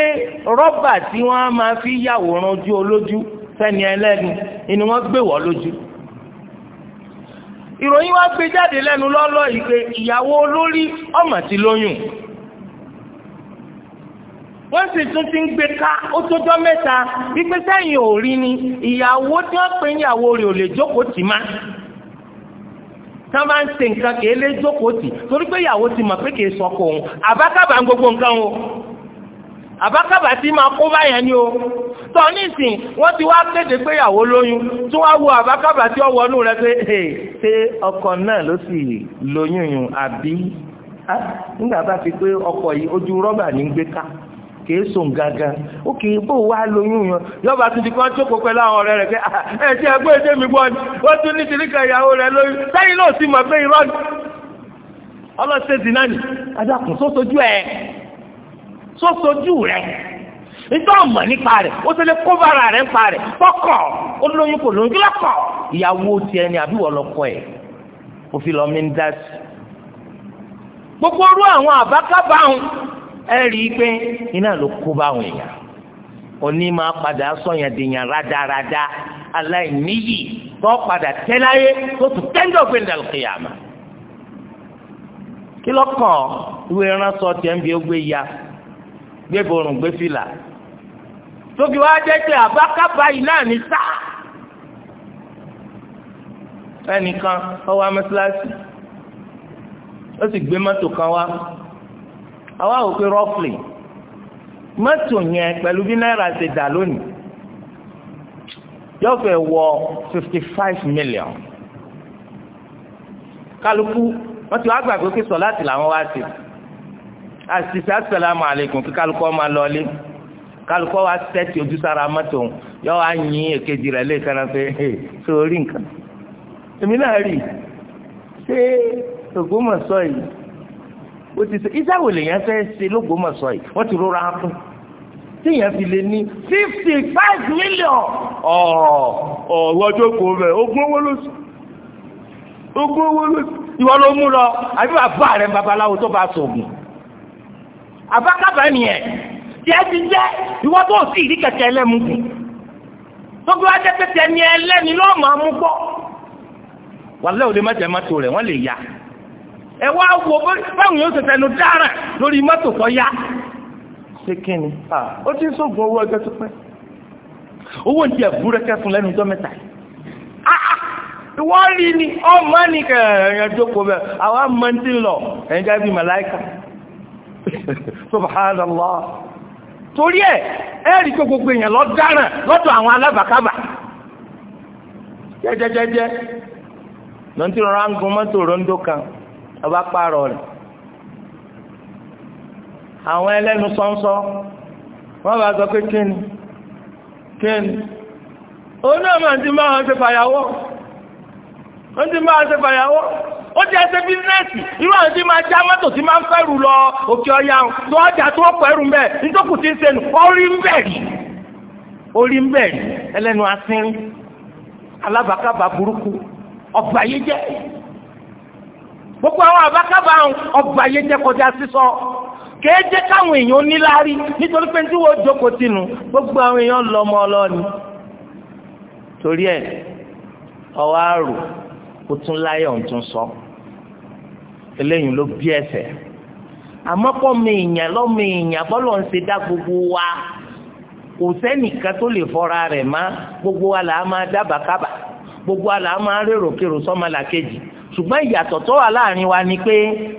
rọ́bà tí wọ́n máa fi yàwòrán ojú olójú sẹ́ni ẹlẹ́ni ni wọ́n gbé wọ́ lójú. ìròyìn wá gbé jáde lẹ́nu lọ́lọ́ ìgbé ìyàwó olórí ọmọ ti lóyún wọ́n sì tún ti ń gbé ká ó tójọ́ mẹ́ta wípé sẹ́yìn ò rí ni ìyàwó tí wọ́n pè ìyàwó rẹ̀ ò lè jókòó tì má tá a ń ṣe nǹkan kì í lé jókòó tì torí pé ìyàwó ti mọ̀ pé kì í sọkò òun àbákàbà ń gbogbo nǹkan o àbákàbà ti máa kó báyẹn ni o. tọ́ nísìn wọ́n ti wá kéde pé yàwó lóyún tí wọ́n wo àbákàbà tí ó wọnú rẹ pé ọkọ náà ló sì lóyún àbí ah, nígbà bá fi pé ọkọ yìí ojú rọ́bà ní gbé ká kìí sùn gangan ó kìí bó wá lóyún yan yọba tuntun kan jókòó pẹ̀lú àwọn ọ̀rẹ́ rẹ̀ pé ah, ẹgbẹ́ tún ní ìyàwó rẹ̀ lóyún sẹ́yìn náà sì mọ̀ pé ọlọ́sẹ̀ nítorí ọmọ nípa rẹ̀ ó ṣe lè kó bára rẹ̀ ń pa rẹ̀ fọ́kọ̀ ó lóyún kò lóyún kílọ̀kọ̀ ìyàwó tiẹ̀ ni àbí wọ́n lọ́kọ ẹ̀ òfin lọ́mí ń dá sí. gbogbo orú àwọn àbákábáhùn ẹ rí i pé iná ló kó báwọn èèyàn òní máa padà sọ̀yàn dèèyàn rádaràda aláìníyì tó padà tẹ́láyé tó tún tẹ́ńdọ̀ pé ndàlùkìyàmà kí ìwé ránṣọ tiẹ̀ ń bí ó gbé ya gbé borùn gbé fìlà tóbi wá jẹ́ pé àbákábá yìí náà ní sáà ẹnìkan ọwọ́ amẹ́síláṣí ó sì gbé mọ́tò kan wá àwa ò pé rọ́fìlì mọ́tò yẹn pẹ̀lú bí náírà ṣe dà lónìí yóò fẹ́ wọ fifty five million kálukú wọ́n ti wá gbàgbé pé sọ láti làwọn wá sí àṣìṣe asàlámù àlẹ́kùn kí kálukú ọmọ lọ́ọ́lé kálukọ́ wa sẹ́ẹ̀tì ojú sára mọ́tò yọ wá yín èkejì rẹ̀ lé kan pé ṣé o rí nǹkan èmi náà rí ṣé Ògbómọ̀ṣọ́ yìí ó ti sẹ ìsáwò lèèyàn fẹ́ ṣe l'Ógbómọ̀ṣọ́ yìí wọ́n ti rọra fún téèyàn fi lè ní fifty five million ọ̀ ọ̀ wọ́jọ́ kò rẹ̀ ogún owó lóṣù ogún owó lóṣù ìwọ ló mú lọ àbí bàbá rẹ̀ babaláwo tó bá sọ̀gùn àbákábà nìyẹn. di ti jẹ́ ìwọ tó sì rí kẹ̀kẹ́ ẹlẹ́mu gbogbo wa pé tẹ̀mí ẹlẹ́ni lọ́ọ́ máa mú gbọ́ wàlẹ́ òde mọ́tẹ́ mọ́tò rẹ̀ wọ́n lè ya ẹ wá wo yóò ṣẹ̀ṣẹ̀ nu dáràn lórí mọ́tò ya ṣé kí ni ó ti ń sọ̀gbọ́n owó ẹgbẹ́ tó pẹ́ owó ń tiẹ̀ búrẹ́kẹ́ fún lẹ́nu ọjọ́ mẹ́ta wọ́n rí ni ọmọ ní torí e ẹ̀rí tó gbogbo èèyàn lọ dáràn lọ́dọ̀ àwọn alábàákábà jẹ́jẹ́jẹ́jẹ́ lọ́ntì rọra ń gun mọ́tò rondo kan ọba pààrọ̀ rẹ̀ àwọn ẹlẹ́nu sọ́nsọ́ wọ́n bá sọ pé kíni kíni òun náà máa ti máa ń ṣe fàyàwọ́ ń ti máa ń ṣe ó ti ẹsẹ̀ bísínẹ́sì irú àwọn tí máa já mọ́tò tí máa ń fẹ́rù lọ òkè ọ̀yà tó ọjà tó ọ̀pọ̀ ẹrù mbẹ́ nítòkù ti ń sẹ́nu orí ń bẹ̀ rí orí ń bẹ̀ rí ẹlẹ́nu asínrín alábàákàbà burúkú ọ̀gbà yé jẹ́ gbogbo àwọn àbákàbà ọ̀gbà yé jẹ́ kọjá sísọ kèé jẹ́ káwọn èèyàn níláárí nítorí pé tí wọ́n jókòó tìǹù gbogbo àwọn èèyàn lọ́mọ ọlọ́ni torí ẹ̀ ọwọ́ àrò kò tún láyọ̀ ń tún sọ. So. eléyìí ló bí ẹsẹ̀ àmọ́ pọ̀ mi ìyàn lọ́mọ gbogbo wa kò sẹ́nìkan tó lè fọra má gbogbo wa là á máa dábàá gbogbo wa là á máa rérò kérò sọ́mọlà kejì ṣùgbọ́n ìyàtọ̀ tó wà láàrin wa ni pé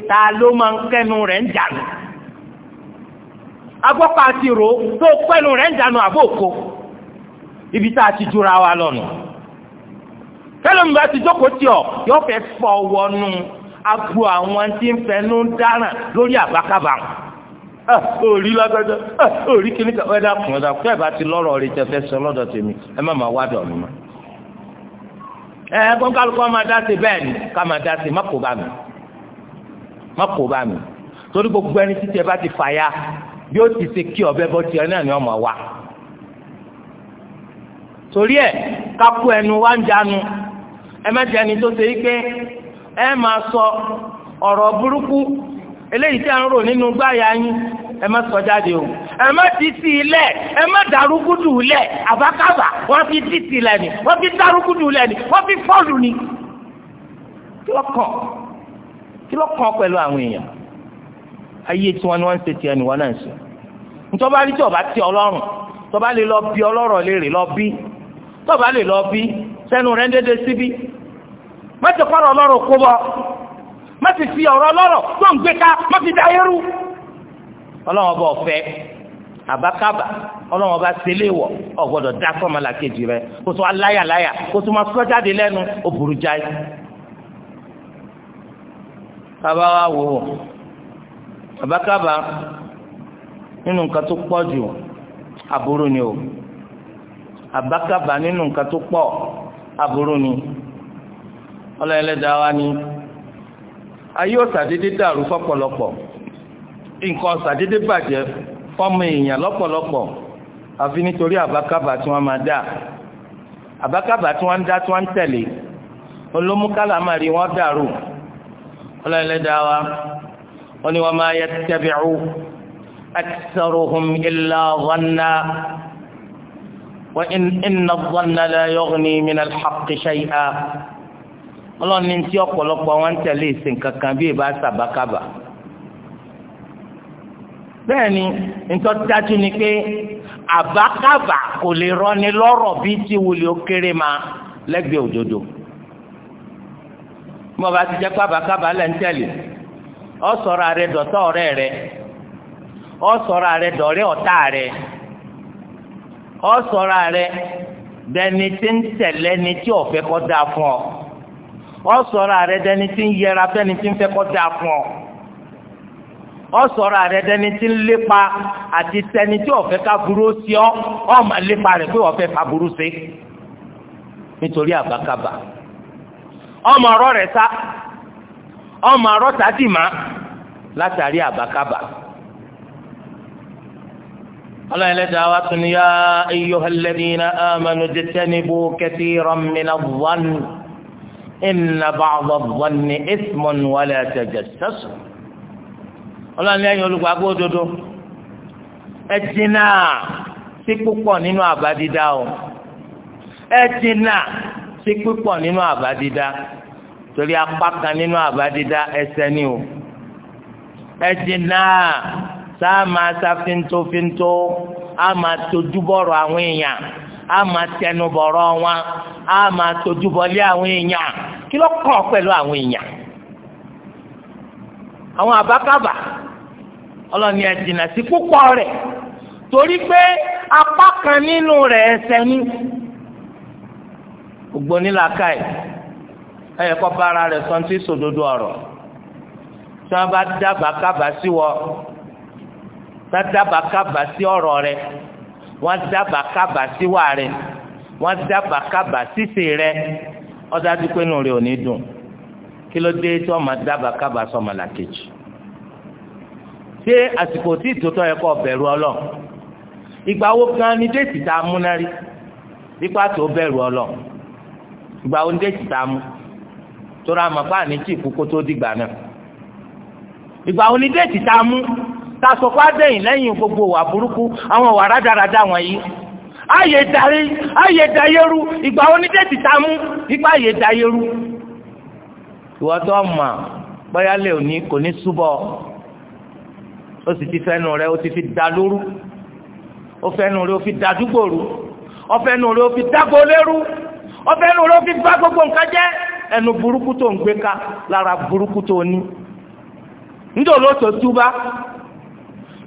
ta ló máa ń kẹ́nu rẹ̀ ń dànù agbọ́pá ti rò tó kẹ́nu rẹ̀ ń ibi tá a ti jura wa lọ́nu ti jókòó agbo àwọn tí ń fẹnu dáràn lórí àbákàbà òrí lọ́dọ́dọ́ òrí kìíní kan ẹ̀dá kùn ẹ̀dá kùn ẹ̀bá ti lọ́rọ̀ rí tẹ̀fẹ́ sọ lọ́dọ̀ tèmi ẹ má máa wádọ̀ mi mọ́. ẹ kó kálukọ́ máa dá sí bẹ́ẹ̀ ni ká máa dá sí má kó bá mi má bá mi torí gbogbo ẹni títí ẹ bá ti fàya bí ó ti ṣe kí ọbẹ̀ bọ́ tiẹ̀ náà ni ọmọ wa. torí ẹ ká kó ẹnu wá ń jánu ẹ má jẹ́ ẹni tó ṣe yí pé ẹ máa sọ ọ̀rọ̀ burúkú eléyìí tí a ń rò nínú gbáyà yín ẹ má sọ jáde o ẹ má títí ilẹ̀ ẹ má darúgúdù ilẹ̀ àbákàbà wọ́n fi títí ilẹ̀ ni wọ́n fi darúgúdù ilẹ̀ ni wọ́n fi fọ́ọ̀lù ni kí ló kàn kí ló kàn pẹ̀lú àwọn èèyàn ayé tí ni wọ́n ń ṣe tiẹ̀ ni wọ́n náà ń ṣe ntọ́ba rí tí ọba ti ọlọ́run tọ́ba lè lọ bí ọlọ́rọ̀ léèrè lọ bí tọ́ba lè lọ bí sẹ́nu rẹ̀ ń dédé síbí má ti kọ́rọ̀ ọlọ́rọ̀ kó bọ́ má fi ọ̀rọ̀ ọlọ́rọ̀ tó ń gbé ká má ti da irú. àbákábà ọlọ́wọ́n bá sílé wọ̀ ọ̀gbọ́dọ̀ dá sọ́mọlá kejì rẹ kó tó aláyàláyà kó tó máa sọ lẹ́nu ó burú ọlọ́ẹlẹ́dàá wa ni ayé òsàdédé dàrú fọ́pọ̀lọpọ̀ nǹkan òsàdédé bàjẹ́ fọ́mọ èèyàn lọ́pọ̀lọpọ̀ àfi nítorí àbákàbà tí wọ́n máa dà àbákàbà tí wọ́n ń dá tí wọ́n ń tẹ̀lé olómúkálà máa rí wọ́n dàrú ọlọ́ẹlẹ́dàá wa wọ́n ni wọ́n máa yattabi'u aktharuhum illa dhanna. وإن إن الظن لا يغني من الحق شيئا ọlọ́ni tí ọ̀pọ̀lọpọ̀ wọn ń tẹ̀lé ìsìn kankan bí ìbá sàbákàbà bẹ́ẹ̀ ni ntọ́ dájú ni pé àbákàbà kò lè rọni lọ́rọ̀ bí ti wuli ó kéré ma lẹ́gbẹ̀ẹ́ òdodo mo bá ti jẹ́ pé àbákàbà lẹ́ ń tẹ̀lé ọ sọ̀rọ̀ àrẹ dọ̀tọ̀ ọ̀rẹ́ rẹ ọ sọ̀rọ̀ àrẹ dọ̀rẹ́ ọ̀tá rẹ ọ sọ̀rọ̀ àrẹ dẹni tí ń tẹ̀lé tí ọ̀fẹ́ kọ́ dáa fún ọ. ọ sọ̀rọ̀ àrẹ tí ń yẹra fẹ́ni tí ń fẹ́ kọ́ ọ ọ sọ̀rọ̀ àrẹ tí ń lépa àti tẹni tí ọ̀fẹ́ ká burú ọ ma máa lépa rẹ̀ pé ọ̀fẹ́ fa burú sí nítorí àbákàbà ọmọ ọ̀rọ̀ rẹ̀ sá ọmọ ọ̀rọ̀ tàdí má látàrí àbákàbà ọlọ́run inna ba'da adh-dhanni ithmun wa la tajassasu ọlọ́ni ẹ̀yin olùgbàgbọ́ òdodo ẹ jìnnà sí púpọ̀ nínú àbá dídá o ẹ jìnnà sí púpọ̀ nínú àbá dídá torí apá kan nínú àbá dídá ni o ẹ sáà máa sa fíntofíntó á máa tójú bọ̀rọ̀ àwọn èèyàn a máa tẹnu bọ̀rọ̀ wọn a máa tójú bọlé àwọn èèyàn kí ló kàn pẹ̀lú àwọn èèyàn àwọn àbákàbà ọlọ́ni ẹ̀dìnà sí púpọ̀ rẹ̀ torí pé apá kan nínú rẹ̀ ẹsẹ̀ ní gbogbo nílàkàì ẹ̀yẹ kọ́ bá rẹ̀ sọ́n tí sòdodo ọ̀rọ̀ tí wọ́n bá dábàá kábàá sí wọ tá dábàá kábàá sí ọ̀rọ̀ rẹ̀ wọ́n dábàá kábà síwá rẹ̀ wọ́n dábàá kábà síse rẹ̀ ọ̀dájú pé inú rẹ̀ ò ní dùn kí ló dé tí wọ́n máa dábàá kábà sọmọ làkejì ṣé àsìkò tí ìtòtọ́ yẹ kọ́ bẹ̀rù ọlọ́ ìgbà wo gan ni déètì tá a mú náà rí nípa tó bẹ̀rù ọlọ́ ìgbà wo ni déètì tá a mú tó ra mọ̀ fáà tí ìkú tó dìgbà náà ìgbà wo ni déètì tá a mú. ta sọ fún adẹ́yìn lẹ́yìn gbogbo wà burúkú àwọn wà rádaràda wọ̀nyí ayé darí ayé dayéru ìgbà onídẹ́tì ta mú ipa ayé dayéru ìwọ tó mọ̀ bọ́yálẹ̀ òní kò ní súbọ̀ ó sì ti fẹ́nu rẹ̀ ó ti fi da lóru ó fẹ́nu rẹ̀ ó fi da dúgbòru ó fẹ́nu rẹ̀ ó fi dágbó lérú ó fẹ́nu rẹ̀ ó fi bá gbogbo nǹkan jẹ́ ẹnu burúkú tó ń gbé ká lára burúkú tó ní nítorí tó túbá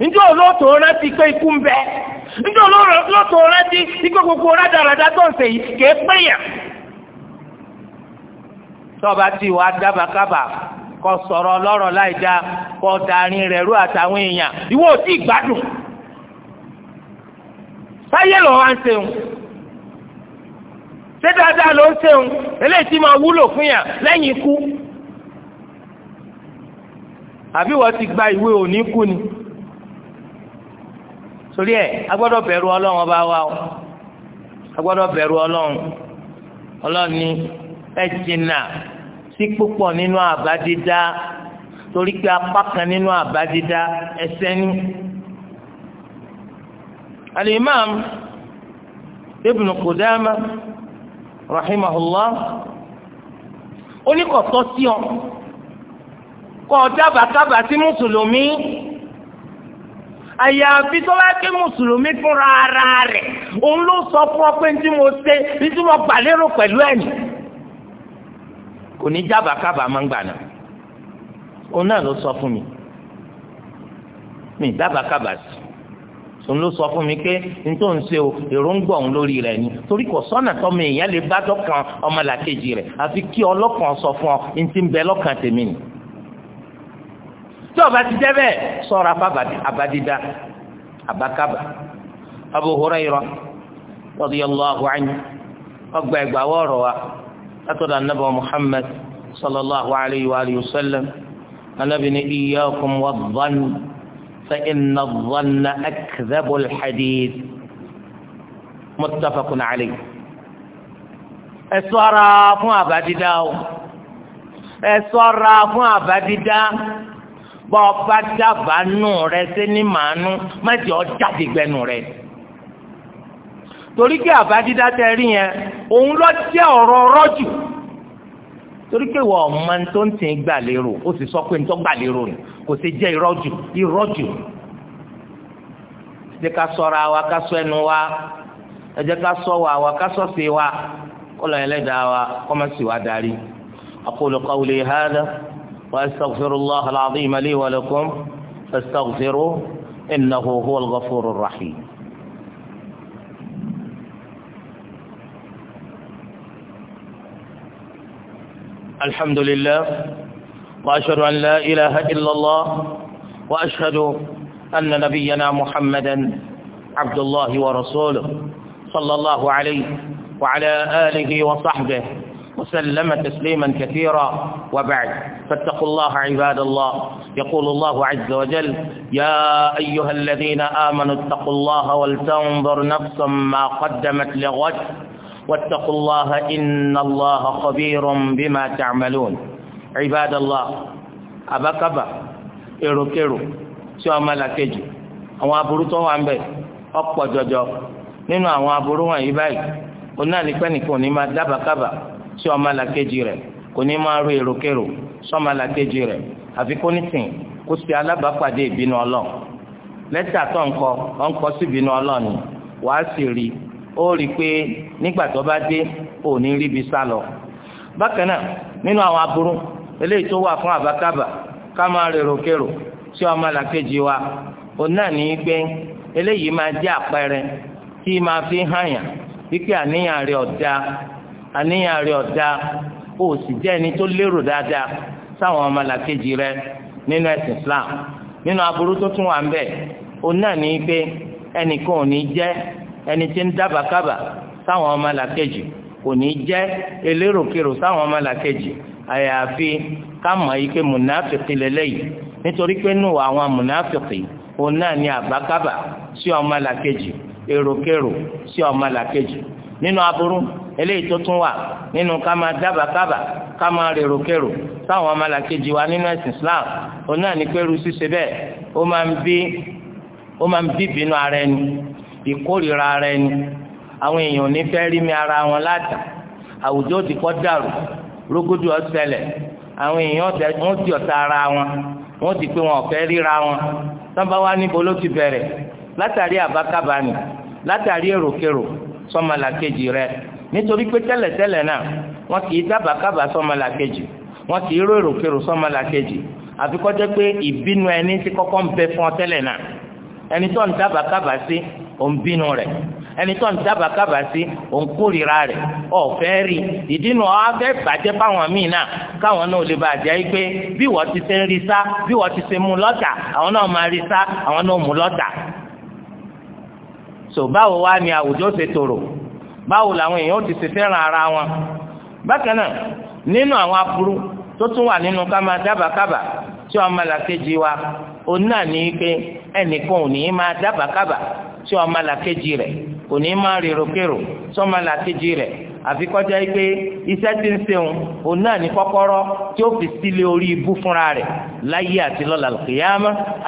njẹ́ olóòtú rántí pé ikú ń bẹ njẹ́ olóòtú rántí ikú gbogbo rádaràdá tó ń sèyí kèé péyàn. tọ́ba tí wàá dábàá kábà kọ sọ̀rọ̀ lọ́rọ̀ láì dáa kọ darin rẹ̀ rú àtàwọn èèyàn ìwọ ò tí ì gbádùn. sáyé lọ wá ń ṣeun ṣé dáadáa ló ń ṣeun eléyìí tí máa wúlò fún yàn lẹ́yìn ikú àbí wọ́n ti gba ìwé òní kú ni torí ẹ agbọ́dọ̀ bẹ̀rù Ọlọ́run ọba wa o agbọ́dọ̀ bẹ̀rù Ọlọ́run Ọlọ́run ni ẹ jìnnà sí púpọ̀ nínú abadida, dídá torí pé apá nínú àbá dídá ẹ̀ṣẹ̀ ni. Al-Imam Ibn Qudama rahimahullah oníkọ̀tọ́ sí ọ kọ́ ọ dábàá kábàá sí mùsùlùmí àyàfi tó bá ké mùsùlùmí fúnra ara rẹ̀ òun ló sọ fún ọ pé ní tí mo ṣe ní tí mo gbà lérò pẹ̀lú ẹ̀yìn kò ní jábàá kábàá máa ń gbà náà òun náà ló sọ fún mi mi dábàá kábàá sí òun ló sọ fún mi pé n tó ń ṣe o èròǹgbà òun lórí rẹ̀ ni torí kò sọ́nà tọ́mọ èèyàn lè bá dọ́kan ọmọlàkejì rẹ̀ àfi kí ọlọ́kan sọ fún ọ ní ti ń bẹ lọ́kàn tèmi nìyí tó bá ti jẹ́ bẹ́ẹ̀ sọ̀rọ̀ afá abadida abakaba Abu Hurayra radiyallahu anhu ọgbà ẹgbà wọ́ọ̀rọ̀ wa látọ̀dọ̀ anábọ̀ Muhammad sallallahu alayhi wa alihi wa sallam anábì ní iyyakum wadh-dhann fa inna adh akdhabu al-hadith alayhi ẹ ṣọ́ra fún àbádídá ẹ ṣọ́ra fún àbádídá. bọ́ ọba dábàá rẹ sí ní màánú rẹ torí pé àbá tẹ rí yẹn òun lọ jẹ ọrọ rọ́jù torí pé ọ̀ma tó ń tì í gbà lérò ó sì sọ pé ń tọ́ gbà lérò ni kò sì jẹ ìrọ́jù ìrọ́jù ẹ jẹ́ ká ṣọ́ra wa ká sọ ẹnu wa ẹ ká wa wa ká sí wa kó وأستغفر الله العظيم لي ولكم فاستغفروا إنه هو الغفور الرحيم الحمد لله وأشهد أن لا إله إلا الله وأشهد أن نبينا محمدا عبد الله ورسوله صلى الله عليه وعلى آله وصحبه وسلم تسليما كثيرا وبعد فاتقوا الله عباد الله يقول الله عز وجل يا أيها الذين آمنوا اتقوا الله ولتنظر نفسا ما قدمت لغد واتقوا الله إن الله خبير بما تعملون عباد الله أبا إروكيرو إرو ملكجي àwọn aburú tó wà ń bẹ ọ̀pọ̀ jọjọ nínú àwọn aburú wọ̀nyí báyìí onáàlípẹ́ nìkan ò ní sí ọmọlàkejì rẹ̀ kò ní máa ro èròkèrò sọmọlàkejì rẹ̀ àfi kó nìsín kó sì alábàápàdé ìbínú ọlọ́ọ̀ lẹ́tà tó ń kọ ń kọ sí ni wàá sì rí ó rí i pé nígbà tó bá dé ò ní ríbi sá lọ. bákan náà nínú àwọn aburú eléyìí tó wà fún wa òun náà ní í gbé eléyìí máa jẹ́ àpẹẹrẹ fi hàn yàn àníyàn ọ̀dà àníyàn rẹ ọ̀dà ó sì jẹ́ ẹni tó lérò dáadáa sáwọn ọmọlàkejì rẹ nínú ẹ̀sìn Islam nínú aburú tó tún wà ń bẹ̀ òun náà ní pé ẹnìkan ò ní jẹ́ ẹni tí ń dábàkábà sáwọn ọmọlàkejì kò ní jẹ́ eléròkèrò sáwọn ọmọlàkejì àyàfi ká mọ̀ yìí pé mùnàfìkì lélẹ́yìí nítorí pé nù àwọn mùnàfìkì òun náà ní àbákábà sí ọmọlàkejì èròkèrò sí ọmọlàkejì nínú aburú eléyìí tó tún wà nínú ká máa dábàkábà ká máa rèròkèrò sáwọn ọmọlàkejì wa nínú ẹ̀sìn Islam òun náà ní pẹ́rú ṣíṣe bẹ́ẹ̀ ó máa ń bí ó máa ń bí ìbínú ara ẹni ìkórìíra ara ẹni àwọn èèyàn ní fẹ́ rí mi ara wọn láta àwùjọ ti kọ́ dàrú rógójú ọ̀sẹ̀lẹ̀ àwọn èèyàn wọ́n ti ọ̀tá ara wọn wọ́n ti pé wọn ọ̀fẹ́ ríra wọn sábà wá níbo ló ti bẹ̀rẹ̀ látàrí àbákábà ni látàrí èròkèrò sọmọlàkejì rẹ̀ nítorí pé tẹ́lẹ̀tẹ́lẹ̀ náà wọn kì í dábàá kábàá sọ́mọlàkejì wọn kì í ró èròkérò sọ́mọlàkejì àfi kó jẹ́ pé ìbínú ẹni tí kọ́kọ́ ń bẹ fún ọ tẹ́lẹ̀ náà ẹni tó ń dábàá kábàá sí òun bínú rẹ̀ ẹni tó ń dábàá kábàá sí òun kórìíra rẹ̀ ọ̀fẹ́ rí ìdínú ọ afẹ́ bàjẹ́ fáwọn míì náà káwọn náà lè bàjẹ́ yìí pé bí wọ́n ti ṣe ń rí sá bí wọ́n ti ṣe mú lọ́tà àwọn náà máa rí sá àwọn náà mú lọ́tà. sọ báwo ni àwùjọ ṣe tòrò báwo làwọn èèyàn ó ti ṣe fẹ́ràn ara wọn bákan náà nínú àwọn aburú tó tún wà nínú wa òun náà ní pé ẹnìkan ò ní máa tí làkejì kò ní máa làkejì yìí pé iṣẹ́ ń òun náà ní kọ́kọ́rọ́ tí fi sílé orí ibú fúnra láyé àti lọ́la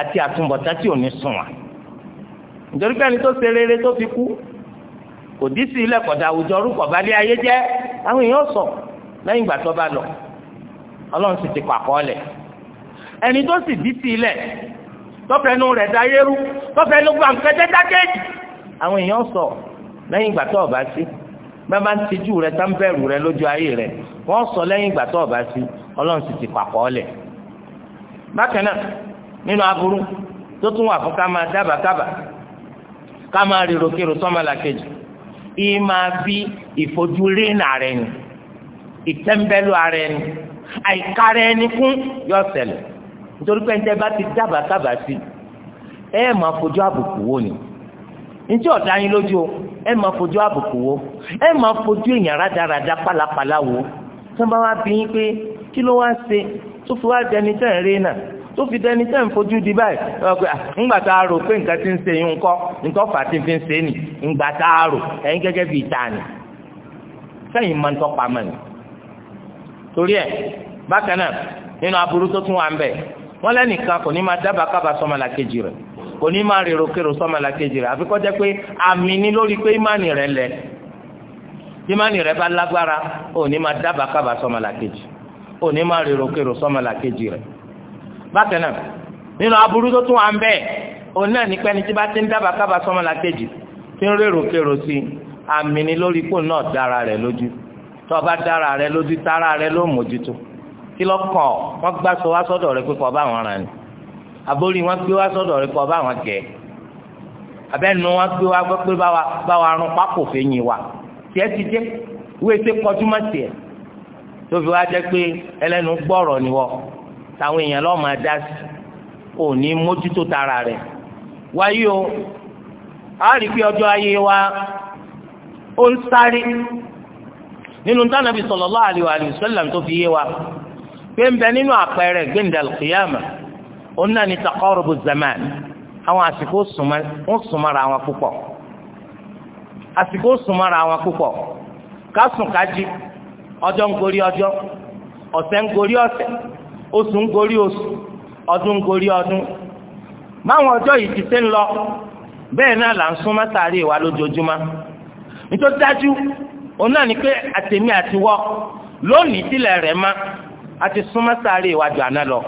àti àtúbọ̀tá tí ò ní sùn kò dí sí ilé kọ̀dà àwùjọ orúkọ bá ayé jẹ́ àwọn èèyàn sọ lẹ́yìn ìgbà tó bá lọ ọlọ́run sì ti kọ ẹni tó sì dí sí ilé tọ́fẹ́nu rẹ̀ dáyé rú tọ́fẹ́nu gba nkẹ́tẹ́ àwọn èèyàn sọ lẹ́yìn ìgbà ọba sí bá ń tijú rẹ tá ń bẹ̀rù lójú ayé wọ́n sọ lẹ́yìn ìgbà tó sí ọlọ́run sì ti bákan náà nínú aburú tó tún wà fún ká máa dábàá ká máa ìyí máa bí ìfojúrínà rẹ ni ìtẹ́ńbẹ́lú ara ẹni àìkára ẹni fún yọ ṣẹlẹ̀ nítorí pé ẹnjẹ bá ti dábàá kábàá sí ẹ máa fojú àbùkù wò ni ntí ọ̀dá yín lójú o ẹ máa fojú àbùkù wò ẹ máa fojú èèyàn rádaràda pálapàla wò tí wọ́n bá wá bí yín pé kí ló wá ṣe tó fi wá dẹni tẹ́ ẹ̀ rí náà tó fi dẹni tẹ́ fojú di báyìí ah, ńgbà tá a pé nǹkan ti ń ṣe yín kọ́ nǹkan fà ti fi ń ṣe nì ńgbà tá a gẹ́gẹ́ bí ìta ni sẹ́yìn máa ń ni. torí ẹ̀ bákan náà nínú aburú tó tún wà ń lẹ́nìkan kò ní máa ni lórí pé ìmánì ìmánì bá lágbára máa dábàá kábà máa rèrò bákan náà nínú aburú tó tún wà ń bẹ́ẹ̀ òun náà ní pẹ́ni tí bá ti ń dábàá kábàá sọ́mọ làkejì tí ń rérò kérò sí àmì ni lórí kó náà dára rẹ̀ lójú tó bá dára rẹ̀ lójú tára rẹ̀ ló mójútó kí lọ́kàn wọ́n gbá sọ wá sọ́dọ̀ rẹ̀ pé kọ́ bá wọn rà ní àbórí wọn gbé wá sọ́dọ̀ rẹ̀ kọ́ bá wọn gẹ̀ abẹ́nu wọn gbé wá gbọ́ pé bá wa rún pákó fẹ́yìn wa tiẹ́ ti jẹ́ wíwé ṣe kọjú mọ́ tiẹ̀ tóbi wá jẹ́ pé ẹlẹ́nu gbọ́rọ̀ ni wọ́n. táwọn èèyàn lọ́ọ́ máa dá sí tara rẹ̀ wáyé o a rí pé ọjọ́ ayé wa ó ń sáré nínú tánàbí sallallahu alaihi wa sallam tó fi yé wa pé ń bẹ nínú àpẹẹrẹ kìyàmà ó náà ní zaman àwọn àsìkò ń súnmọ́ra wọn púpọ̀ àsìkò ń súnmọ́ra wọn púpọ̀ ká oṣù ń gorí oṣù ọdún ń gorí ọdún báwọn ọjọ́ yìí ti ṣe ń lọ bẹ́ẹ̀ náà là ń sún mọ́sàárì wa lójoojúmọ́ nítorí dájú òun náà ni pé àtẹ̀mí àti wọ́ lónìí sílẹ̀ rẹ̀ má a ti sún mọ́sàárì wa jù àná lọ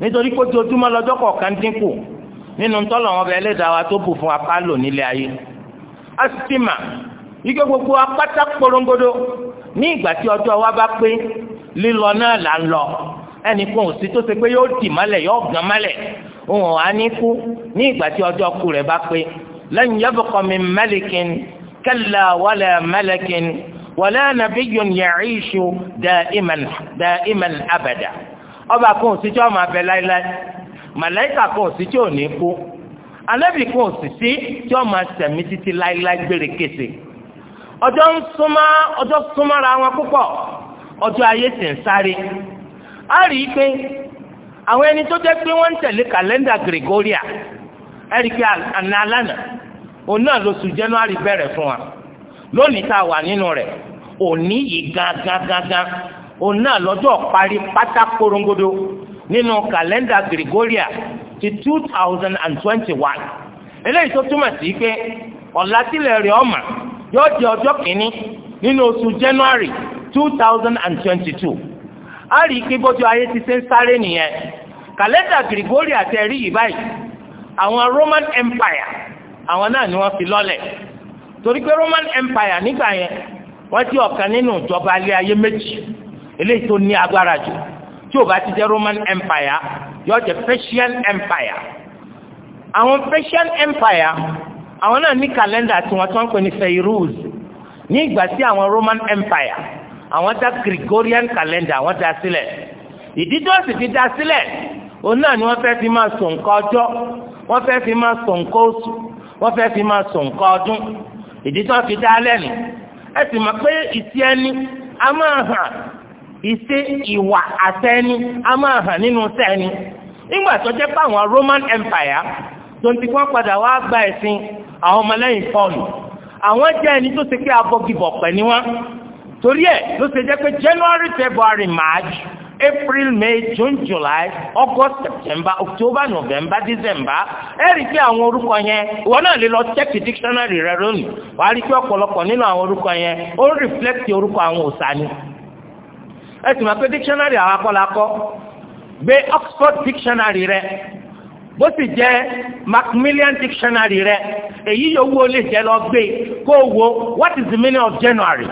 nítorí pé ojoojúmọ́ lọ́jọ́ kọ̀ọ̀kan dínkù nínú tọ́lọ̀ wọn bẹ ẹlẹ́dàá wa tó bù fún apá lò nílé ayé a sì ti mà ike gbogbo apáta porongodo ní ìgbà tí ọjọ́ wa bá pé lílọ náà là ń lọ ẹnì kan ò sí tó ṣe pé yóò dì mọ́lẹ̀ yóò gàn mọ́lẹ̀ òun á ní kú ní ìgbà tí ọjọ́ kú rẹ̀ bá pé lan yabqa min malikin kalla wala malikin wala nabiyyun ya'ishu da'iman da'iman abada ọba kan ò sí tí ọmọ abẹ láíláí màláìkà kan ò tí ò ní kú anábì kan ò sí sí tí ọmọ sẹ̀mí títí láíláí gbére kése ọjọ́ ń súnmọ́ ọjọ́ súnmọ́ra wọn púpọ̀ ọjọ́ ayé sì ń sáré a rí i pé àwọn ẹni tó jẹ́ pé wọ́n ń tẹ̀lé kàlẹ́ndà Gregoria ẹ àná alánà òun náà January bẹ̀rẹ̀ wa lónìí tá a wà nínú rẹ̀ òní yìí òun náà lọ́jọ́ parí korongodo nínú kàlẹ́ndà Gregoria ti two thousand and twenty one eléyìí tó túmọ̀ sí pé ọ̀la rẹ̀ ọ̀mà yóò ọjọ́ kìíní nínú oṣù January two thousand a rí i pé bójú ayé ti ṣe ń sáré nìyẹn kàlẹ́ndà Gregori àti ẹ̀rí yìí báyìí àwọn Roman Empire àwọn náà ni wọ́n fi lọ́lẹ̀ torí pé Roman Empire nígbà yẹn wọ́n ti ọ̀kan nínú ìjọba ilé ayé méjì eléyìí tó ní agbára jù tí ò bá ti jẹ́ Roman Empire yóò jẹ́ Persian Empire àwọn Persian Empire àwọn náà ní kàlẹ́ndà tiwọn tí wọ́n ń pè ní Fairuz ní ìgbà tí àwọn Roman Empire àwọn dá Gregorian calendar àwọn dá sílẹ̀ ìdí tó sì fi dá sílẹ̀ òun náà ni wọ́n fẹ́ fi máa sọ nǹkan ọjọ́ wọ́n fẹ́ fi máa sọ nǹkan oṣù wọ́n fẹ́ fi máa sọ nǹkan ọdún ìdí tó fi dá lẹ́nu ẹ sì mọ̀ pé ìsí ẹni a máa hàn ìṣe ìwà àtẹni a máa hàn nínú sẹ́ni nígbà tó jẹ́ pàwọn Roman Empire tó ń ti wọ́n padà wá gba ẹ̀sìn àwọn ọmọlẹ́yìn Pọ́ọ̀lù àwọn jẹ́ ẹni tó ti pé abọ́gibọ̀pẹ̀ ni wọ́n torí e, ló ṣe jẹ́ pé January February March April May June July August September October November December ẹ rí i pé àwọn orúkọ yẹn ìwọ náà lè lọ check dictionary rẹ lónìí wàá rí i pé ọ̀pọ̀lọpọ̀ nínú àwọn orúkọ yẹn ó ń reflect orúkọ àwọn òòṣà ni ẹ sì Oxford dictionary rẹ bó sì jẹ́ Macmillan dictionary rẹ èyí yòówó lè lọ what is the meaning of January.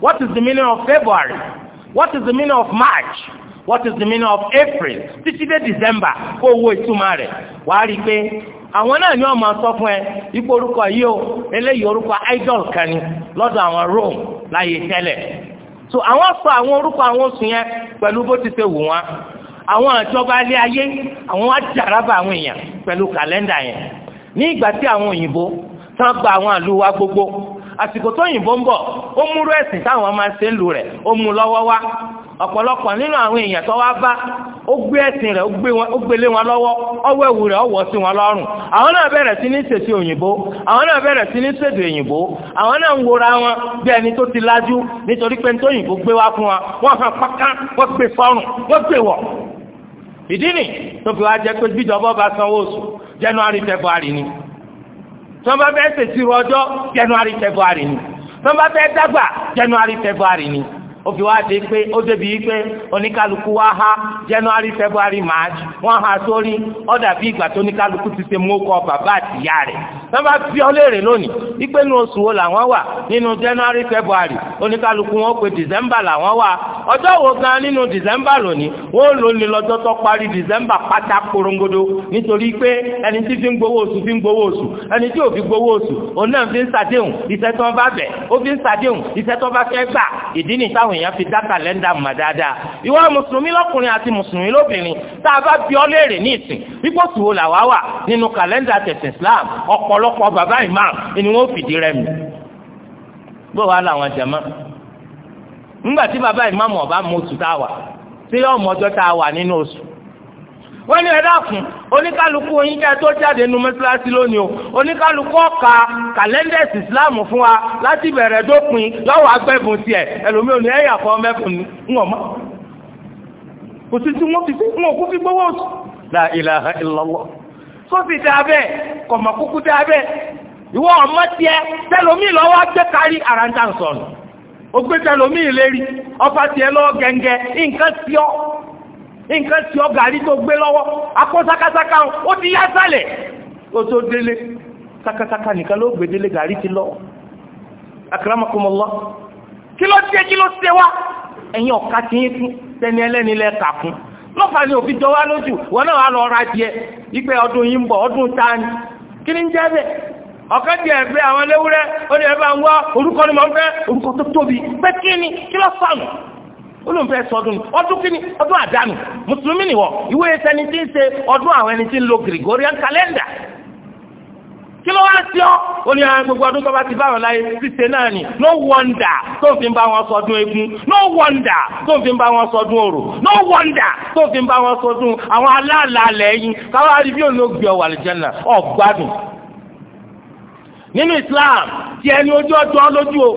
What is the meaning of February? What is the meaning of March? What is the meaning of April? Títí dé December kó wo ìtumọ̀ rẹ̀. Wàá rí i pé àwọn náà ni wọ́n máa sọ fún ẹ ipò orúkọ yìí o eléyìí orúkọ idol kan ni lọ́dọ̀ àwọn Rome láyé tẹ́lẹ̀. So àwọn sọ àwọn orúkọ àwọn oṣù yẹn pẹ̀lú bó ti ṣe wù wọ́n. Àwọn àjọba alẹ́ ayé àwọn wá jàrábà àwọn èèyàn pẹ̀lú kàlẹ́ndà yẹn. Ní ìgbà tí àwọn òyìnbó tán gba àwọn àlùwà gbogbo àsìkò tó yìnbó ń bọ̀ ó múrú ẹ̀sìn táwọn máa ṣe ń lu rẹ̀ ó mú lọ́wọ́ wá ọ̀pọ̀lọpọ̀ nínú àwọn èèyàn tó wá bá ó gbé ẹ̀sìn rẹ̀ ó gbélé wọn lọ́wọ́ ọwọ́ ẹ̀wù rẹ̀ ọwọ́ sí wọn lọ́rùn àwọn náà bẹ̀rẹ̀ sí ní ṣèṣe òyìnbó àwọn náà bẹ̀rẹ̀ sí ní ṣèdè òyìnbó àwọn náà ń wora wọn bí ẹni tó ti lájú nítorí pé nítorí òyìnbó gbé wá fún wa wọ́n fẹ́ pákà wọ́n gbé fọ́rùn wọ́n gbé wọ̀ ìdí nì tó fi wá jẹ́ pé bíjọba bá sanwó oṣù January February ni tó bá fẹ́ ọjọ́ January February ni tó bá dàgbà January February ni ó fi wá dé pé ó débi pé oníkálukú wá há january february march wọ́n há sórí ó dàbí ìgbà tó oníkálukú ti ṣe mú kọ bàbá àtìyá rẹ̀ wọ́n bá fi ọ léèrè lónìí wípé inú oṣù wo làwọn wà nínú january february oníkálukú wọ́n pé december làwọn wà ọjọ́ wo gan nínú december lónìí wọ́n lò ní lọ́jọ́ tó parí december pátá korongodo nítorí pé ẹni tí fi ń gbowó oṣù fi ń gbowó oṣù ẹni tí ò fi gbowó oṣù òun náà fi ń ṣàdéhùn iṣẹ́ tó bá bẹ̀ ó fi ń ṣàdéhùn iṣẹ́ tó bá fẹ́ gbà ìdí nìta táwọn èèyàn fi dá kàlẹ́ndà mà dáadáa ìwọ mùsùlùmí lọ́kùnrin àti mùsùlùmí lóbìnrin tá a bá bi ọ́ léèrè ní ìsìn wípé oṣù wo wà nínú kàlẹ́ndà tẹ̀sìn Islam ọ̀pọ̀lọpọ̀ bàbá imam ni wọ́n fìdí rẹ̀ mi bó wàá làwọn jàmá ńgbà tí bàbá imam ọ̀bá mọ oṣù tá a wà sí ọmọ ọjọ́ tá a wà nínú oṣù wọ́n ní ẹ̀dá fún oníkálukú oyin jẹ́ tó jáde nu mọ́sálásí lónìí o oníkálukú ọ̀ka kàlẹ́ndẹ̀sì ìsìláàmù fún wa láti bẹ̀rẹ̀ dópin lọ́wọ́ agbẹ́bùn tiẹ̀ ẹlòmíì òní ẹ̀yà fọ́ mẹ́fún ń wọ̀n kò sí tí wọ́n fi sí wọn kú fi gbowó la ilaha illallah sófì kúkú ìwọ ọmọ tiẹ̀ tẹlòmíì lọ́wọ́ gbé kárí arantan sọ̀nù ó gbé tẹlòmíì lérí ọfà tiẹ̀ lọ́wọ́ nǹkan tí ọ gàrí tó gbé lọ́wọ́ akọ sakasaka ó ti yá sálẹ̀ ó tó délé sakasaka nìkan ló gbé délé gàrí ti lọ akara kí ló dé kí ló ṣe wá ẹ̀yin ọ̀ka ti yín fún tẹni ẹlẹ́ni lẹ́ fún lọ́fà ni òfin jọ lójú wọn náà lọ ra jẹ ipe ọdún yìí ń bọ̀ ọdún ta ni kí ni ń jẹ́ bẹ́ẹ̀ ti olùfẹ́ sọdún ọdún kíni ọdún àdánù mùsùlùmí nìwọ ìwé ẹsẹ̀ni tí ń ṣe ọdún àwọn ẹni tí ń lo Gregorian calendar kí ló wá sí ọ ó ní àwọn ah, gbogbo ọdún tó bá ti bá wọn láyé ṣíṣe náà ni no wonder tó fi ń bá wọn sọdún eégún no wonder tó fi ń bá wọn sọdún orò no wonder tó fi ń bá wọn sọdún àwọn aláàlálẹ̀ yín káwọn aríbí olóògbé ọwà àlùjẹ́nà ọ̀gbádùn nínú Islam tí ẹni ojú ọjọ́ lójú o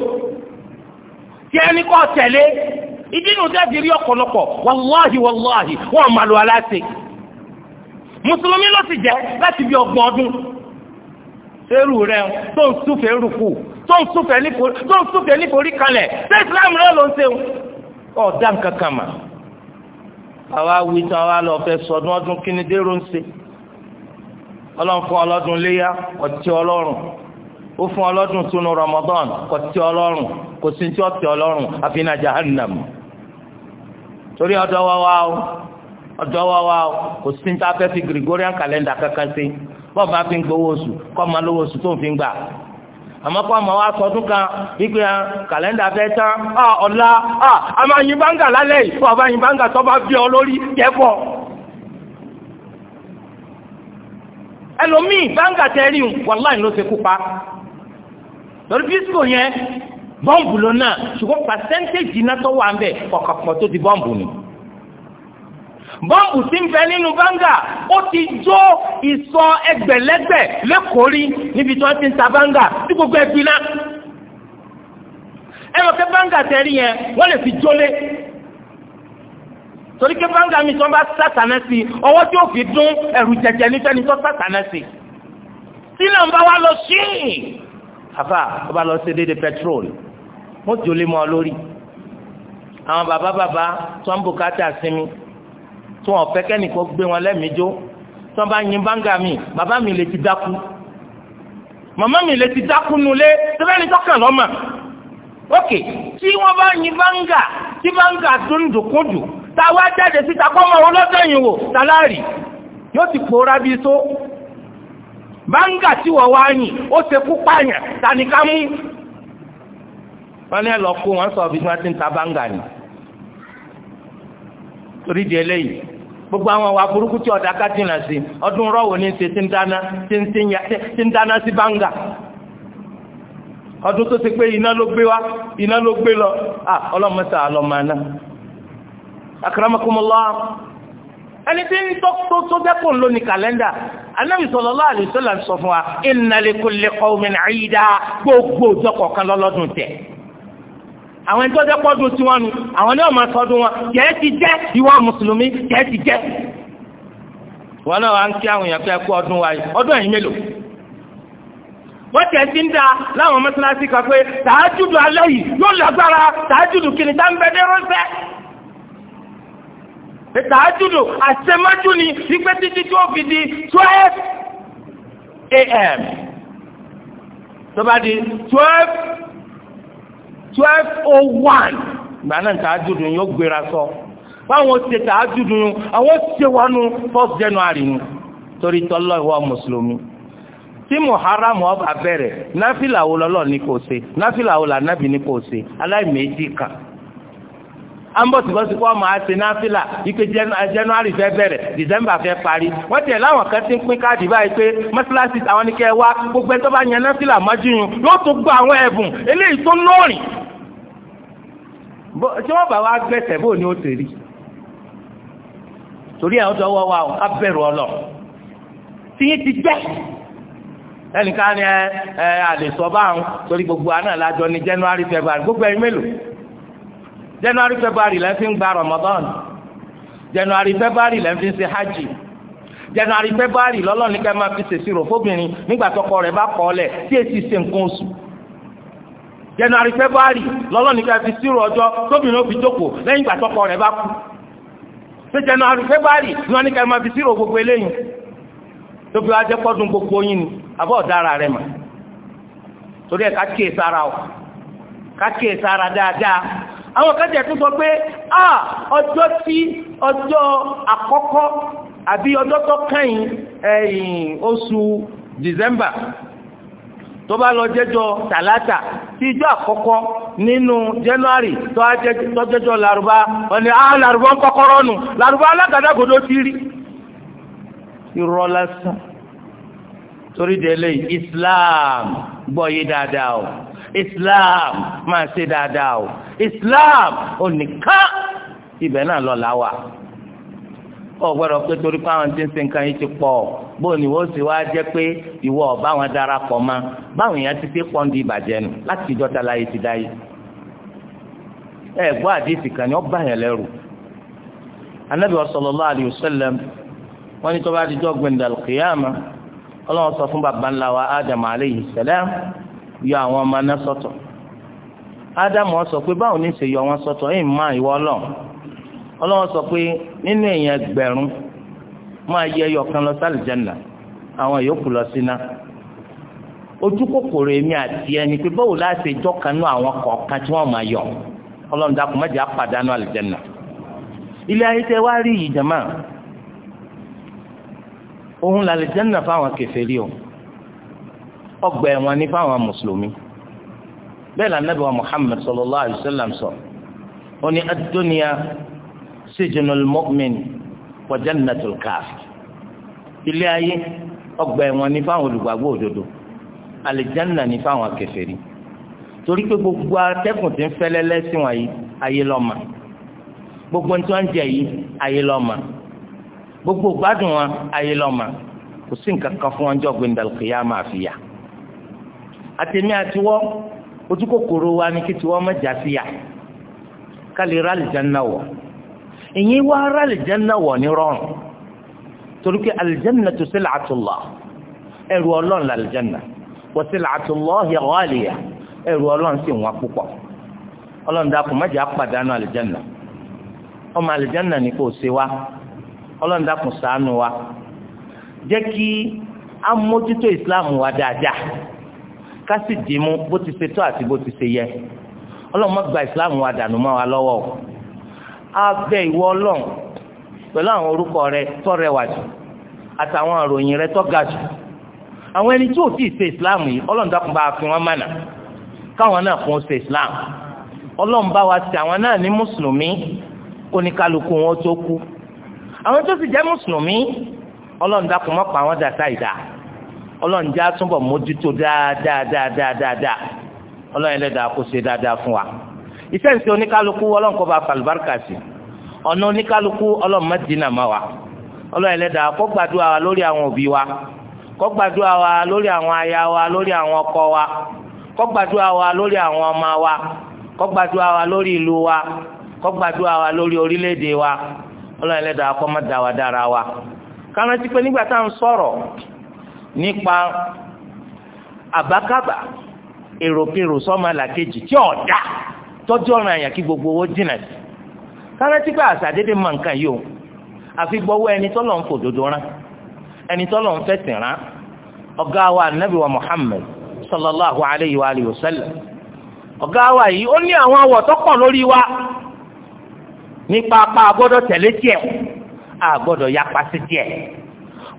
tí ẹni kọ́ tẹ̀lé ìdí inú tẹ́ ti rí ọ̀pọ̀lọpọ̀ wàláhì wàláhì wọn máa lo aláṣẹ mùsùlùmí ló sì jẹ́ láti bí ọgbọ̀n ọdún eru rẹ tó ń súfèé rúkú tó ń súfèé níforí kalẹ̀ ṣé Islam rẹ ló ń ṣe ọ̀dà nǹkan kan mà àwa wí tán àwa lọ fẹ́ sọdún ọdún kí ni dérò ń ṣe ọlọ́run fún ọlọ́dún léyà ọtí ọlọ́run ó fún ọlọ́dún túnú Ramadan ọtí ọlọ́run kò sí ní tí ọtí ọlọ́run àfi náà jahannam torí ọ̀dọ̀ wa wa o ọ̀dọ̀ wa o kò sí ní táfẹ́ fi Gregorian calendar kankan sí bọ́ọ̀ bá fi ń gbowó oṣù kọ́ máa lówó oṣù tó ń fi gbà àmọ́ kọ́ ọmọ wa sọ ọdún kan wípé ya kàlẹ́ndà fẹ́ tán à ọ̀la à a máa yin báńgà lálẹ́ yìí fún ọba yin báńgà tó bá bí ọ lórí kẹfọ́ ẹlòmíì báńgà tẹ́rí wàláì ló ṣe kú pa lórí fíṣkò yẹn bọ́ǹbù ló náà ṣùgbọ́n pàṣẹ́ntéèjì iná tó wà ń bẹ̀ ọ̀kọ̀ọ̀kan tó di bọ́ǹbù ni. bọ́ǹbù tí ń bẹ nínú báńgà ó ti jó ìsọ ẹgbẹ̀lẹ́gbẹ̀ lẹ́kọ̀ọ́ rí níbi tí wọ́n ti ń ta báńgà tí gbogbo ẹ̀ gbiná. ẹ lọ kẹ́ báńgà tẹ̀rí lè fi jólé torí pé báńgà mi tí bá sàtànà sí ọwọ́ tí ó fi dún ẹ̀rù jẹ̀jẹ̀ nífẹ̀ẹ́ ni tó sàtànà sí tí náà ń bá wa lọ sí àfà ó bá lọ sí wọ́n jòlè mọ́ ọ lórí àwọn bàbá bàbá tó ń bùkátà sinmi tó wọn fẹ́ kẹ́nìkan gbé wọn lẹ́mìí jó tó ń bá yin báńgà mi bàbá mi lè ti dákú màmá mi lè ti dákú nulẹ̀ tẹ́lẹ̀ni tọ́kàn lọ́mọ ok tí wọ́n bá yin báńgà tí báńgà tó ń dùnkúndù táwa jáde síta kọ́mọ ọlọ́dọ̀ yìí wò tálárì yóò ti pòórá bíi tó báńgà tí wọ́n wá yìn ó ṣekú pààyàn tani ká mú wọ́n ní ẹlọ kó wọn sọ ibi tí wọ́n ti ń ta ni torí di eléyìí gbogbo àwọn wa burúkú tí ọ̀dà ká jìnnà sí ọdún rọ́wọ́ ní ṣe ti ń dáná sí báńgà ọdún tó ti pé iná ló gbé wá iná ló gbé lọ à ọlọ́mọta àlọ́mọ́ná akramakumullah ẹni tí ń tọ́ tó tó dẹ́kun ló ní kàlẹ́ndà anábì sallallahu alaihi wasallam sọ fún wa inna likulli qawmin 'ida gbogbo kọ̀ọ̀kan lọ́lọ́dún tẹ̀. àwọn ẹni tó jẹ́ pọ́dún tí wọ́n nu àwọn náà máa sọdún wọn kẹ́ẹ́ ti jẹ́ ìwọ mùsùlùmí kẹ́ẹ́ ti jẹ́. wọn náà wá ń kí àwọn èèyàn pé ẹkú ọdún wa yìí ọdún ẹ̀yìn mélòó. wọ́n tẹ̀ sí ń da láwọn mọ́ṣáláṣí kan pé tàájúdù alẹ́ yìí yóò lágbára tàájúdù kìnnì tá ń bẹ dérò sẹ́. tàájúdù àṣemájú ni wípé títí tí ó fi di twelve a.m. tó bá di twelve twelve oh one ìgbà náà tàájúdù yóò gbéra sọ báwọn ṣe tàájúdù yóò àwọn ṣe wọnú first january ni torí tọ́lọ́ wa mùsùlùmí tí muharram ọba bẹ̀rẹ̀ náfìlà wo lọ́lọ́ ní kò ṣe náfìlà wo lànàbì ní kò ṣe aláìméjì kan ambọ̀sibọ́sibọ́ ọmọ àti náfìlà ike eh, january fẹ́ bẹ̀rẹ̀ december fẹ́ parí wọ́n tiẹ̀ láwọn kan ti ń pín káàdì báyìí pé mọ́ṣáláṣí àwọn ni kẹ́ wá gbogbo ẹ̀ tó bá yan náfìlà mọ́jú yun yóò tún gba àwọn ẹ̀bùn eléyìí tó lóòrìn tí wọ́n bá wá gbẹ̀sẹ̀ bó ni ó tèrí torí àwọn tó wọ́ wa ò abẹ́rù ọlọ tí yín ti gbẹ́ ẹnìkan ni ẹ ẹ àlèsọ báwọn torí gbogbo àná làjọ ní January February gbogbo ẹ̀yin mélòó January February lẹ́ fi ń gba Ramadan January February lẹ́ fi ń ṣe hajj January February lọ́lọ́ni kẹ́ máa fi ṣèṣirò fóbìnrin nígbà tọkọ rẹ̀ bá kọ́ ọ lẹ̀ tí èsì ṣe nǹkan oṣù january february lọ́lọ́ni ká fi sírò ọjọ́ tóbìnrin ó fi jókòó lẹ́yìn ìgbà tọkọ rẹ̀ bá kú ṣé january february ni wọ́n ní ká máa fi sírò gbogbo tóbi wá jẹ́ pọ́dún gbogbo yín ni àbọ̀ ọ̀dára rẹ̀ o ká kíyè sára dáadáa àwọn kan tó sọ pé a ọjọ́ tí ọjọ́ àkọ́kọ́ àbí ọjọ́ tó kẹ́yìn ẹ̀yìn oṣù tó bá lọ jẹ́jọ́ tàlátà tí ìjọ àkọ́kọ́ nínú January tó jẹ́jọ́ làrúbá ọ̀nà á ah, làrúbá ń kọ́kọ́rọ́ nù làrúbá alágàdàgodo ti rí irọ́ lásán torí délé Islam gbọ́ yé dáadáa o Islam máa ṣe dáadáa o Islam ò nìkan ibẹ̀ náà lọ́la wà. kọ́ gbọ́dọ̀ pé torí pé àwọn tí ń ṣe nǹkan yìí ti pọ̀ bóun ni wọ́n sì wá jẹ́ pé ìwọ darapọ̀ mọ́ báwọn èèyàn ti dé pọ́ńdì ìbàjẹ́ nù láti ìjọta láyé ti dáyé. kan ni wọ́n bá yẹn lẹ́rù anabi wa sallallahu alayhi wa wọ́n ní tó bá sọ fún bàbá ńlá wa yọ àwọn ọmọ náà pé yọ wọn ọlọ́wọ́ sọ pé nínú èèyàn ẹgbẹ̀rún máa yẹ ẹyọkan lọ sí àlùjánnà àwọn yòókù lọ síná ojú kòkòrò èmi àti ẹni pé báwo láti jọ́ kanú àwọn kọ̀ọ̀kan tí wọ́n máa yọ ọlọ́run dákun má jẹ́ àpàdánù àlùjánnà ilé ayé tẹ wá rí yìí òun làlùjánnà fáwọn kèfèrí o ọgbà ẹ̀wọ̀n ní fáwọn mùsùlùmí bẹ́ẹ̀ lànà bí wọn Muhammad sallallahu alaihi wasallam sọ ó ní adúniya sijnul mu'min wa jannatul kafir ilé ayé ọgbà ẹ̀wọ̀n ní fáwọn olùgbàgbọ́ òdodo àlìjánà ní fáwọn kèfèrí torí pé gbogbo atẹ́kùn ti ń fẹ́lẹ́ lẹ́sìn wọn yìí ayé lọ́mà gbogbo ní tí wọ́n ń jẹ yìí ayé lọ́mà gbogbo gbádùn wọn ayé lọ́mà kò sí nǹkan kan fún wọn jọ gbé ndàlùkìyà máa fi yà àtẹ̀mí àtiwọ́ ojú wa ni kí tiwọ́ mẹ́jà fi yà kálí rálìjánà wọ̀ èyí wá ara àlìjẹ́nà wọ̀ ní rọrùn torí pé àlìjẹ́nà tó sil'atullah ẹrù ọlọ́run làlìjẹ́nà wa sil'atullahi ghaliya ẹrù ọlọ́run sì wọ́n púpọ̀ ọlọ́run dàkú má jẹ́ àpàdánù àlìjẹ́nà ọmọ àlìjẹ́nà ni kò ṣe wá ọlọ́run dàkú ṣàánú wa jẹ́ kí á mójútó ìsìláàmù wa dáadáa ká sì dìímú bó ti ṣe tó àti bó ti ṣe yẹ ọlọ́run má gba ìsìláàmù wa dànù mọ́ wa lọ́wọ́ o. abẹ ìwọ Ọlọ́run pẹ̀lú àwọn orúkọ rẹ tó jù àtàwọn àròyìn rẹ jù àwọn ẹni tí ò tí ì ṣe islam yìí Ọlọ́run dákun bá fi wọn mànà káwọn náà ṣe islam bá wa ṣe àwọn náà ní mùsùlùmí wọn tó kú àwọn tó sì mùsùlùmí àwọn dàtà ìdá já mójútó dáadáa dáadáa dáadáa kó ṣe iṣẹ́ ìṣe oníkálukú ọlọ́run kó bá falùbáríkà sí ọ̀nà oníkálukú ọlọ́run má dínà má wa ọlọ́run ẹlẹ́dàá kó gbàdúrà wa lórí àwọn òbí wa kó gbàdúrà wa lórí àwọn aya wa lórí àwọn ọkọ wa kó gbàdúrà wa lórí àwọn ọmọ wa kó gbàdúrà wa lórí ìlú wa kó gbàdúrà wa lórí orílẹ̀-èdè wa ọlọ́run kó má dá wa dára wa káràntí pé nígbà tá à ń sọ̀rọ̀ nípa àbákàbà èròkèrò sọ́mọ làkejì tí ọ̀dà tọjọọ na àyàn kí gbogbo owó jìnà sí kárẹ́tì pé àṣàdédé mọ nǹkan yìí o àfi gbọ́wọ́ ẹni tọ́lọ̀ ń fòdodo rán ẹni tọ́lọ̀ ń fẹ̀sìn rán ọ̀gá wa anabi wa Muhammad sallallahu alayhi wa alihi wa sallam ọ̀gá wa yìí ó ní àwọn àwọ̀ tó kàn lórí wa nípa apá agbọ́dọ̀ tẹ̀lé tiẹ̀ agbọ́dọ̀ yapa sí tiẹ̀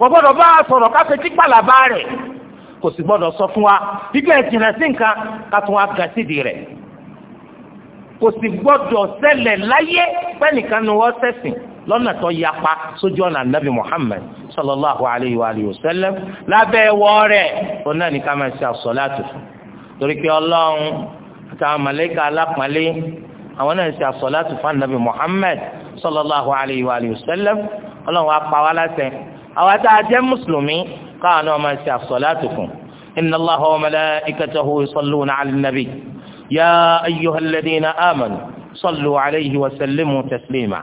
wọ́n gbọ́dọ̀ bá a sọ̀rọ̀ káfẹ́ tí rẹ̀ kò sì gbọ́dọ̀ sọ fún wa bí bẹ́ẹ̀ jìnnà sí nǹkan ká tún rẹ̀. kò sì gbọ́dọ̀ ṣẹlẹ̀ láyé pẹ́nìkan ni wọ́n ṣẹ̀sìn lọ́nà tó yapa sójú ọ̀nà nàbì Muhammad sallallahu alayhi wa alihi wa sallam lábẹ́ ẹwọ́ rẹ̀ òun náà ní ká máa ṣe àsọ̀láàtù torí pé ọlọ́run àtàwọn màlẹ́kà alápọ̀nlé àwọn náà ṣe àsọ̀láàtù fún nàbì Muhammad sallallahu alayhi wa alihi wa sallam ọlọ́run wa pa wá láṣẹ àwọn tá a mùsùlùmí káwọn náà máa ṣe àsọ̀láàtù fún inna Allaha wa malaikatahu يا أيها الذين آمنوا صلوا عليه وسلموا تسليما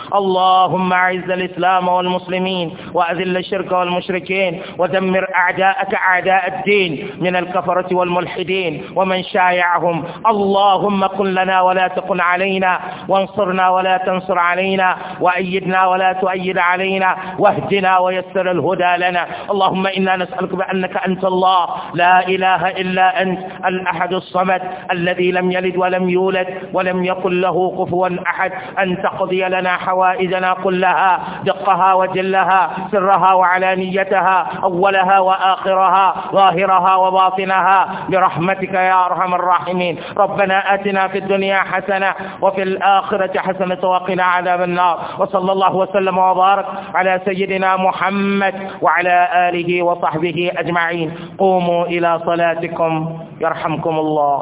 اللهم أعز الإسلام والمسلمين وأذل الشرك والمشركين ودمر أعداءك أعداء الدين من الكفرة والملحدين ومن شايعهم اللهم كن لنا ولا تكن علينا وانصرنا ولا تنصر علينا وأيدنا ولا تؤيد علينا واهدنا ويسر الهدى لنا اللهم إنا نسألك بأنك أنت الله لا إله إلا أنت الأحد الصمد الذي لم يلد ولم يولد ولم يكن له كفوا أحد أن تقضي لنا حوائجنا كلها دقها وجلها سرها وعلانيتها أولها وآخرها ظاهرها وباطنها برحمتك يا أرحم الراحمين ربنا آتنا في الدنيا حسنة وفي الآخرة حسنة وقنا عذاب النار وصلى الله وسلم وبارك على سيدنا محمد وعلى آله وصحبه أجمعين قوموا إلى صلاتكم يرحمكم الله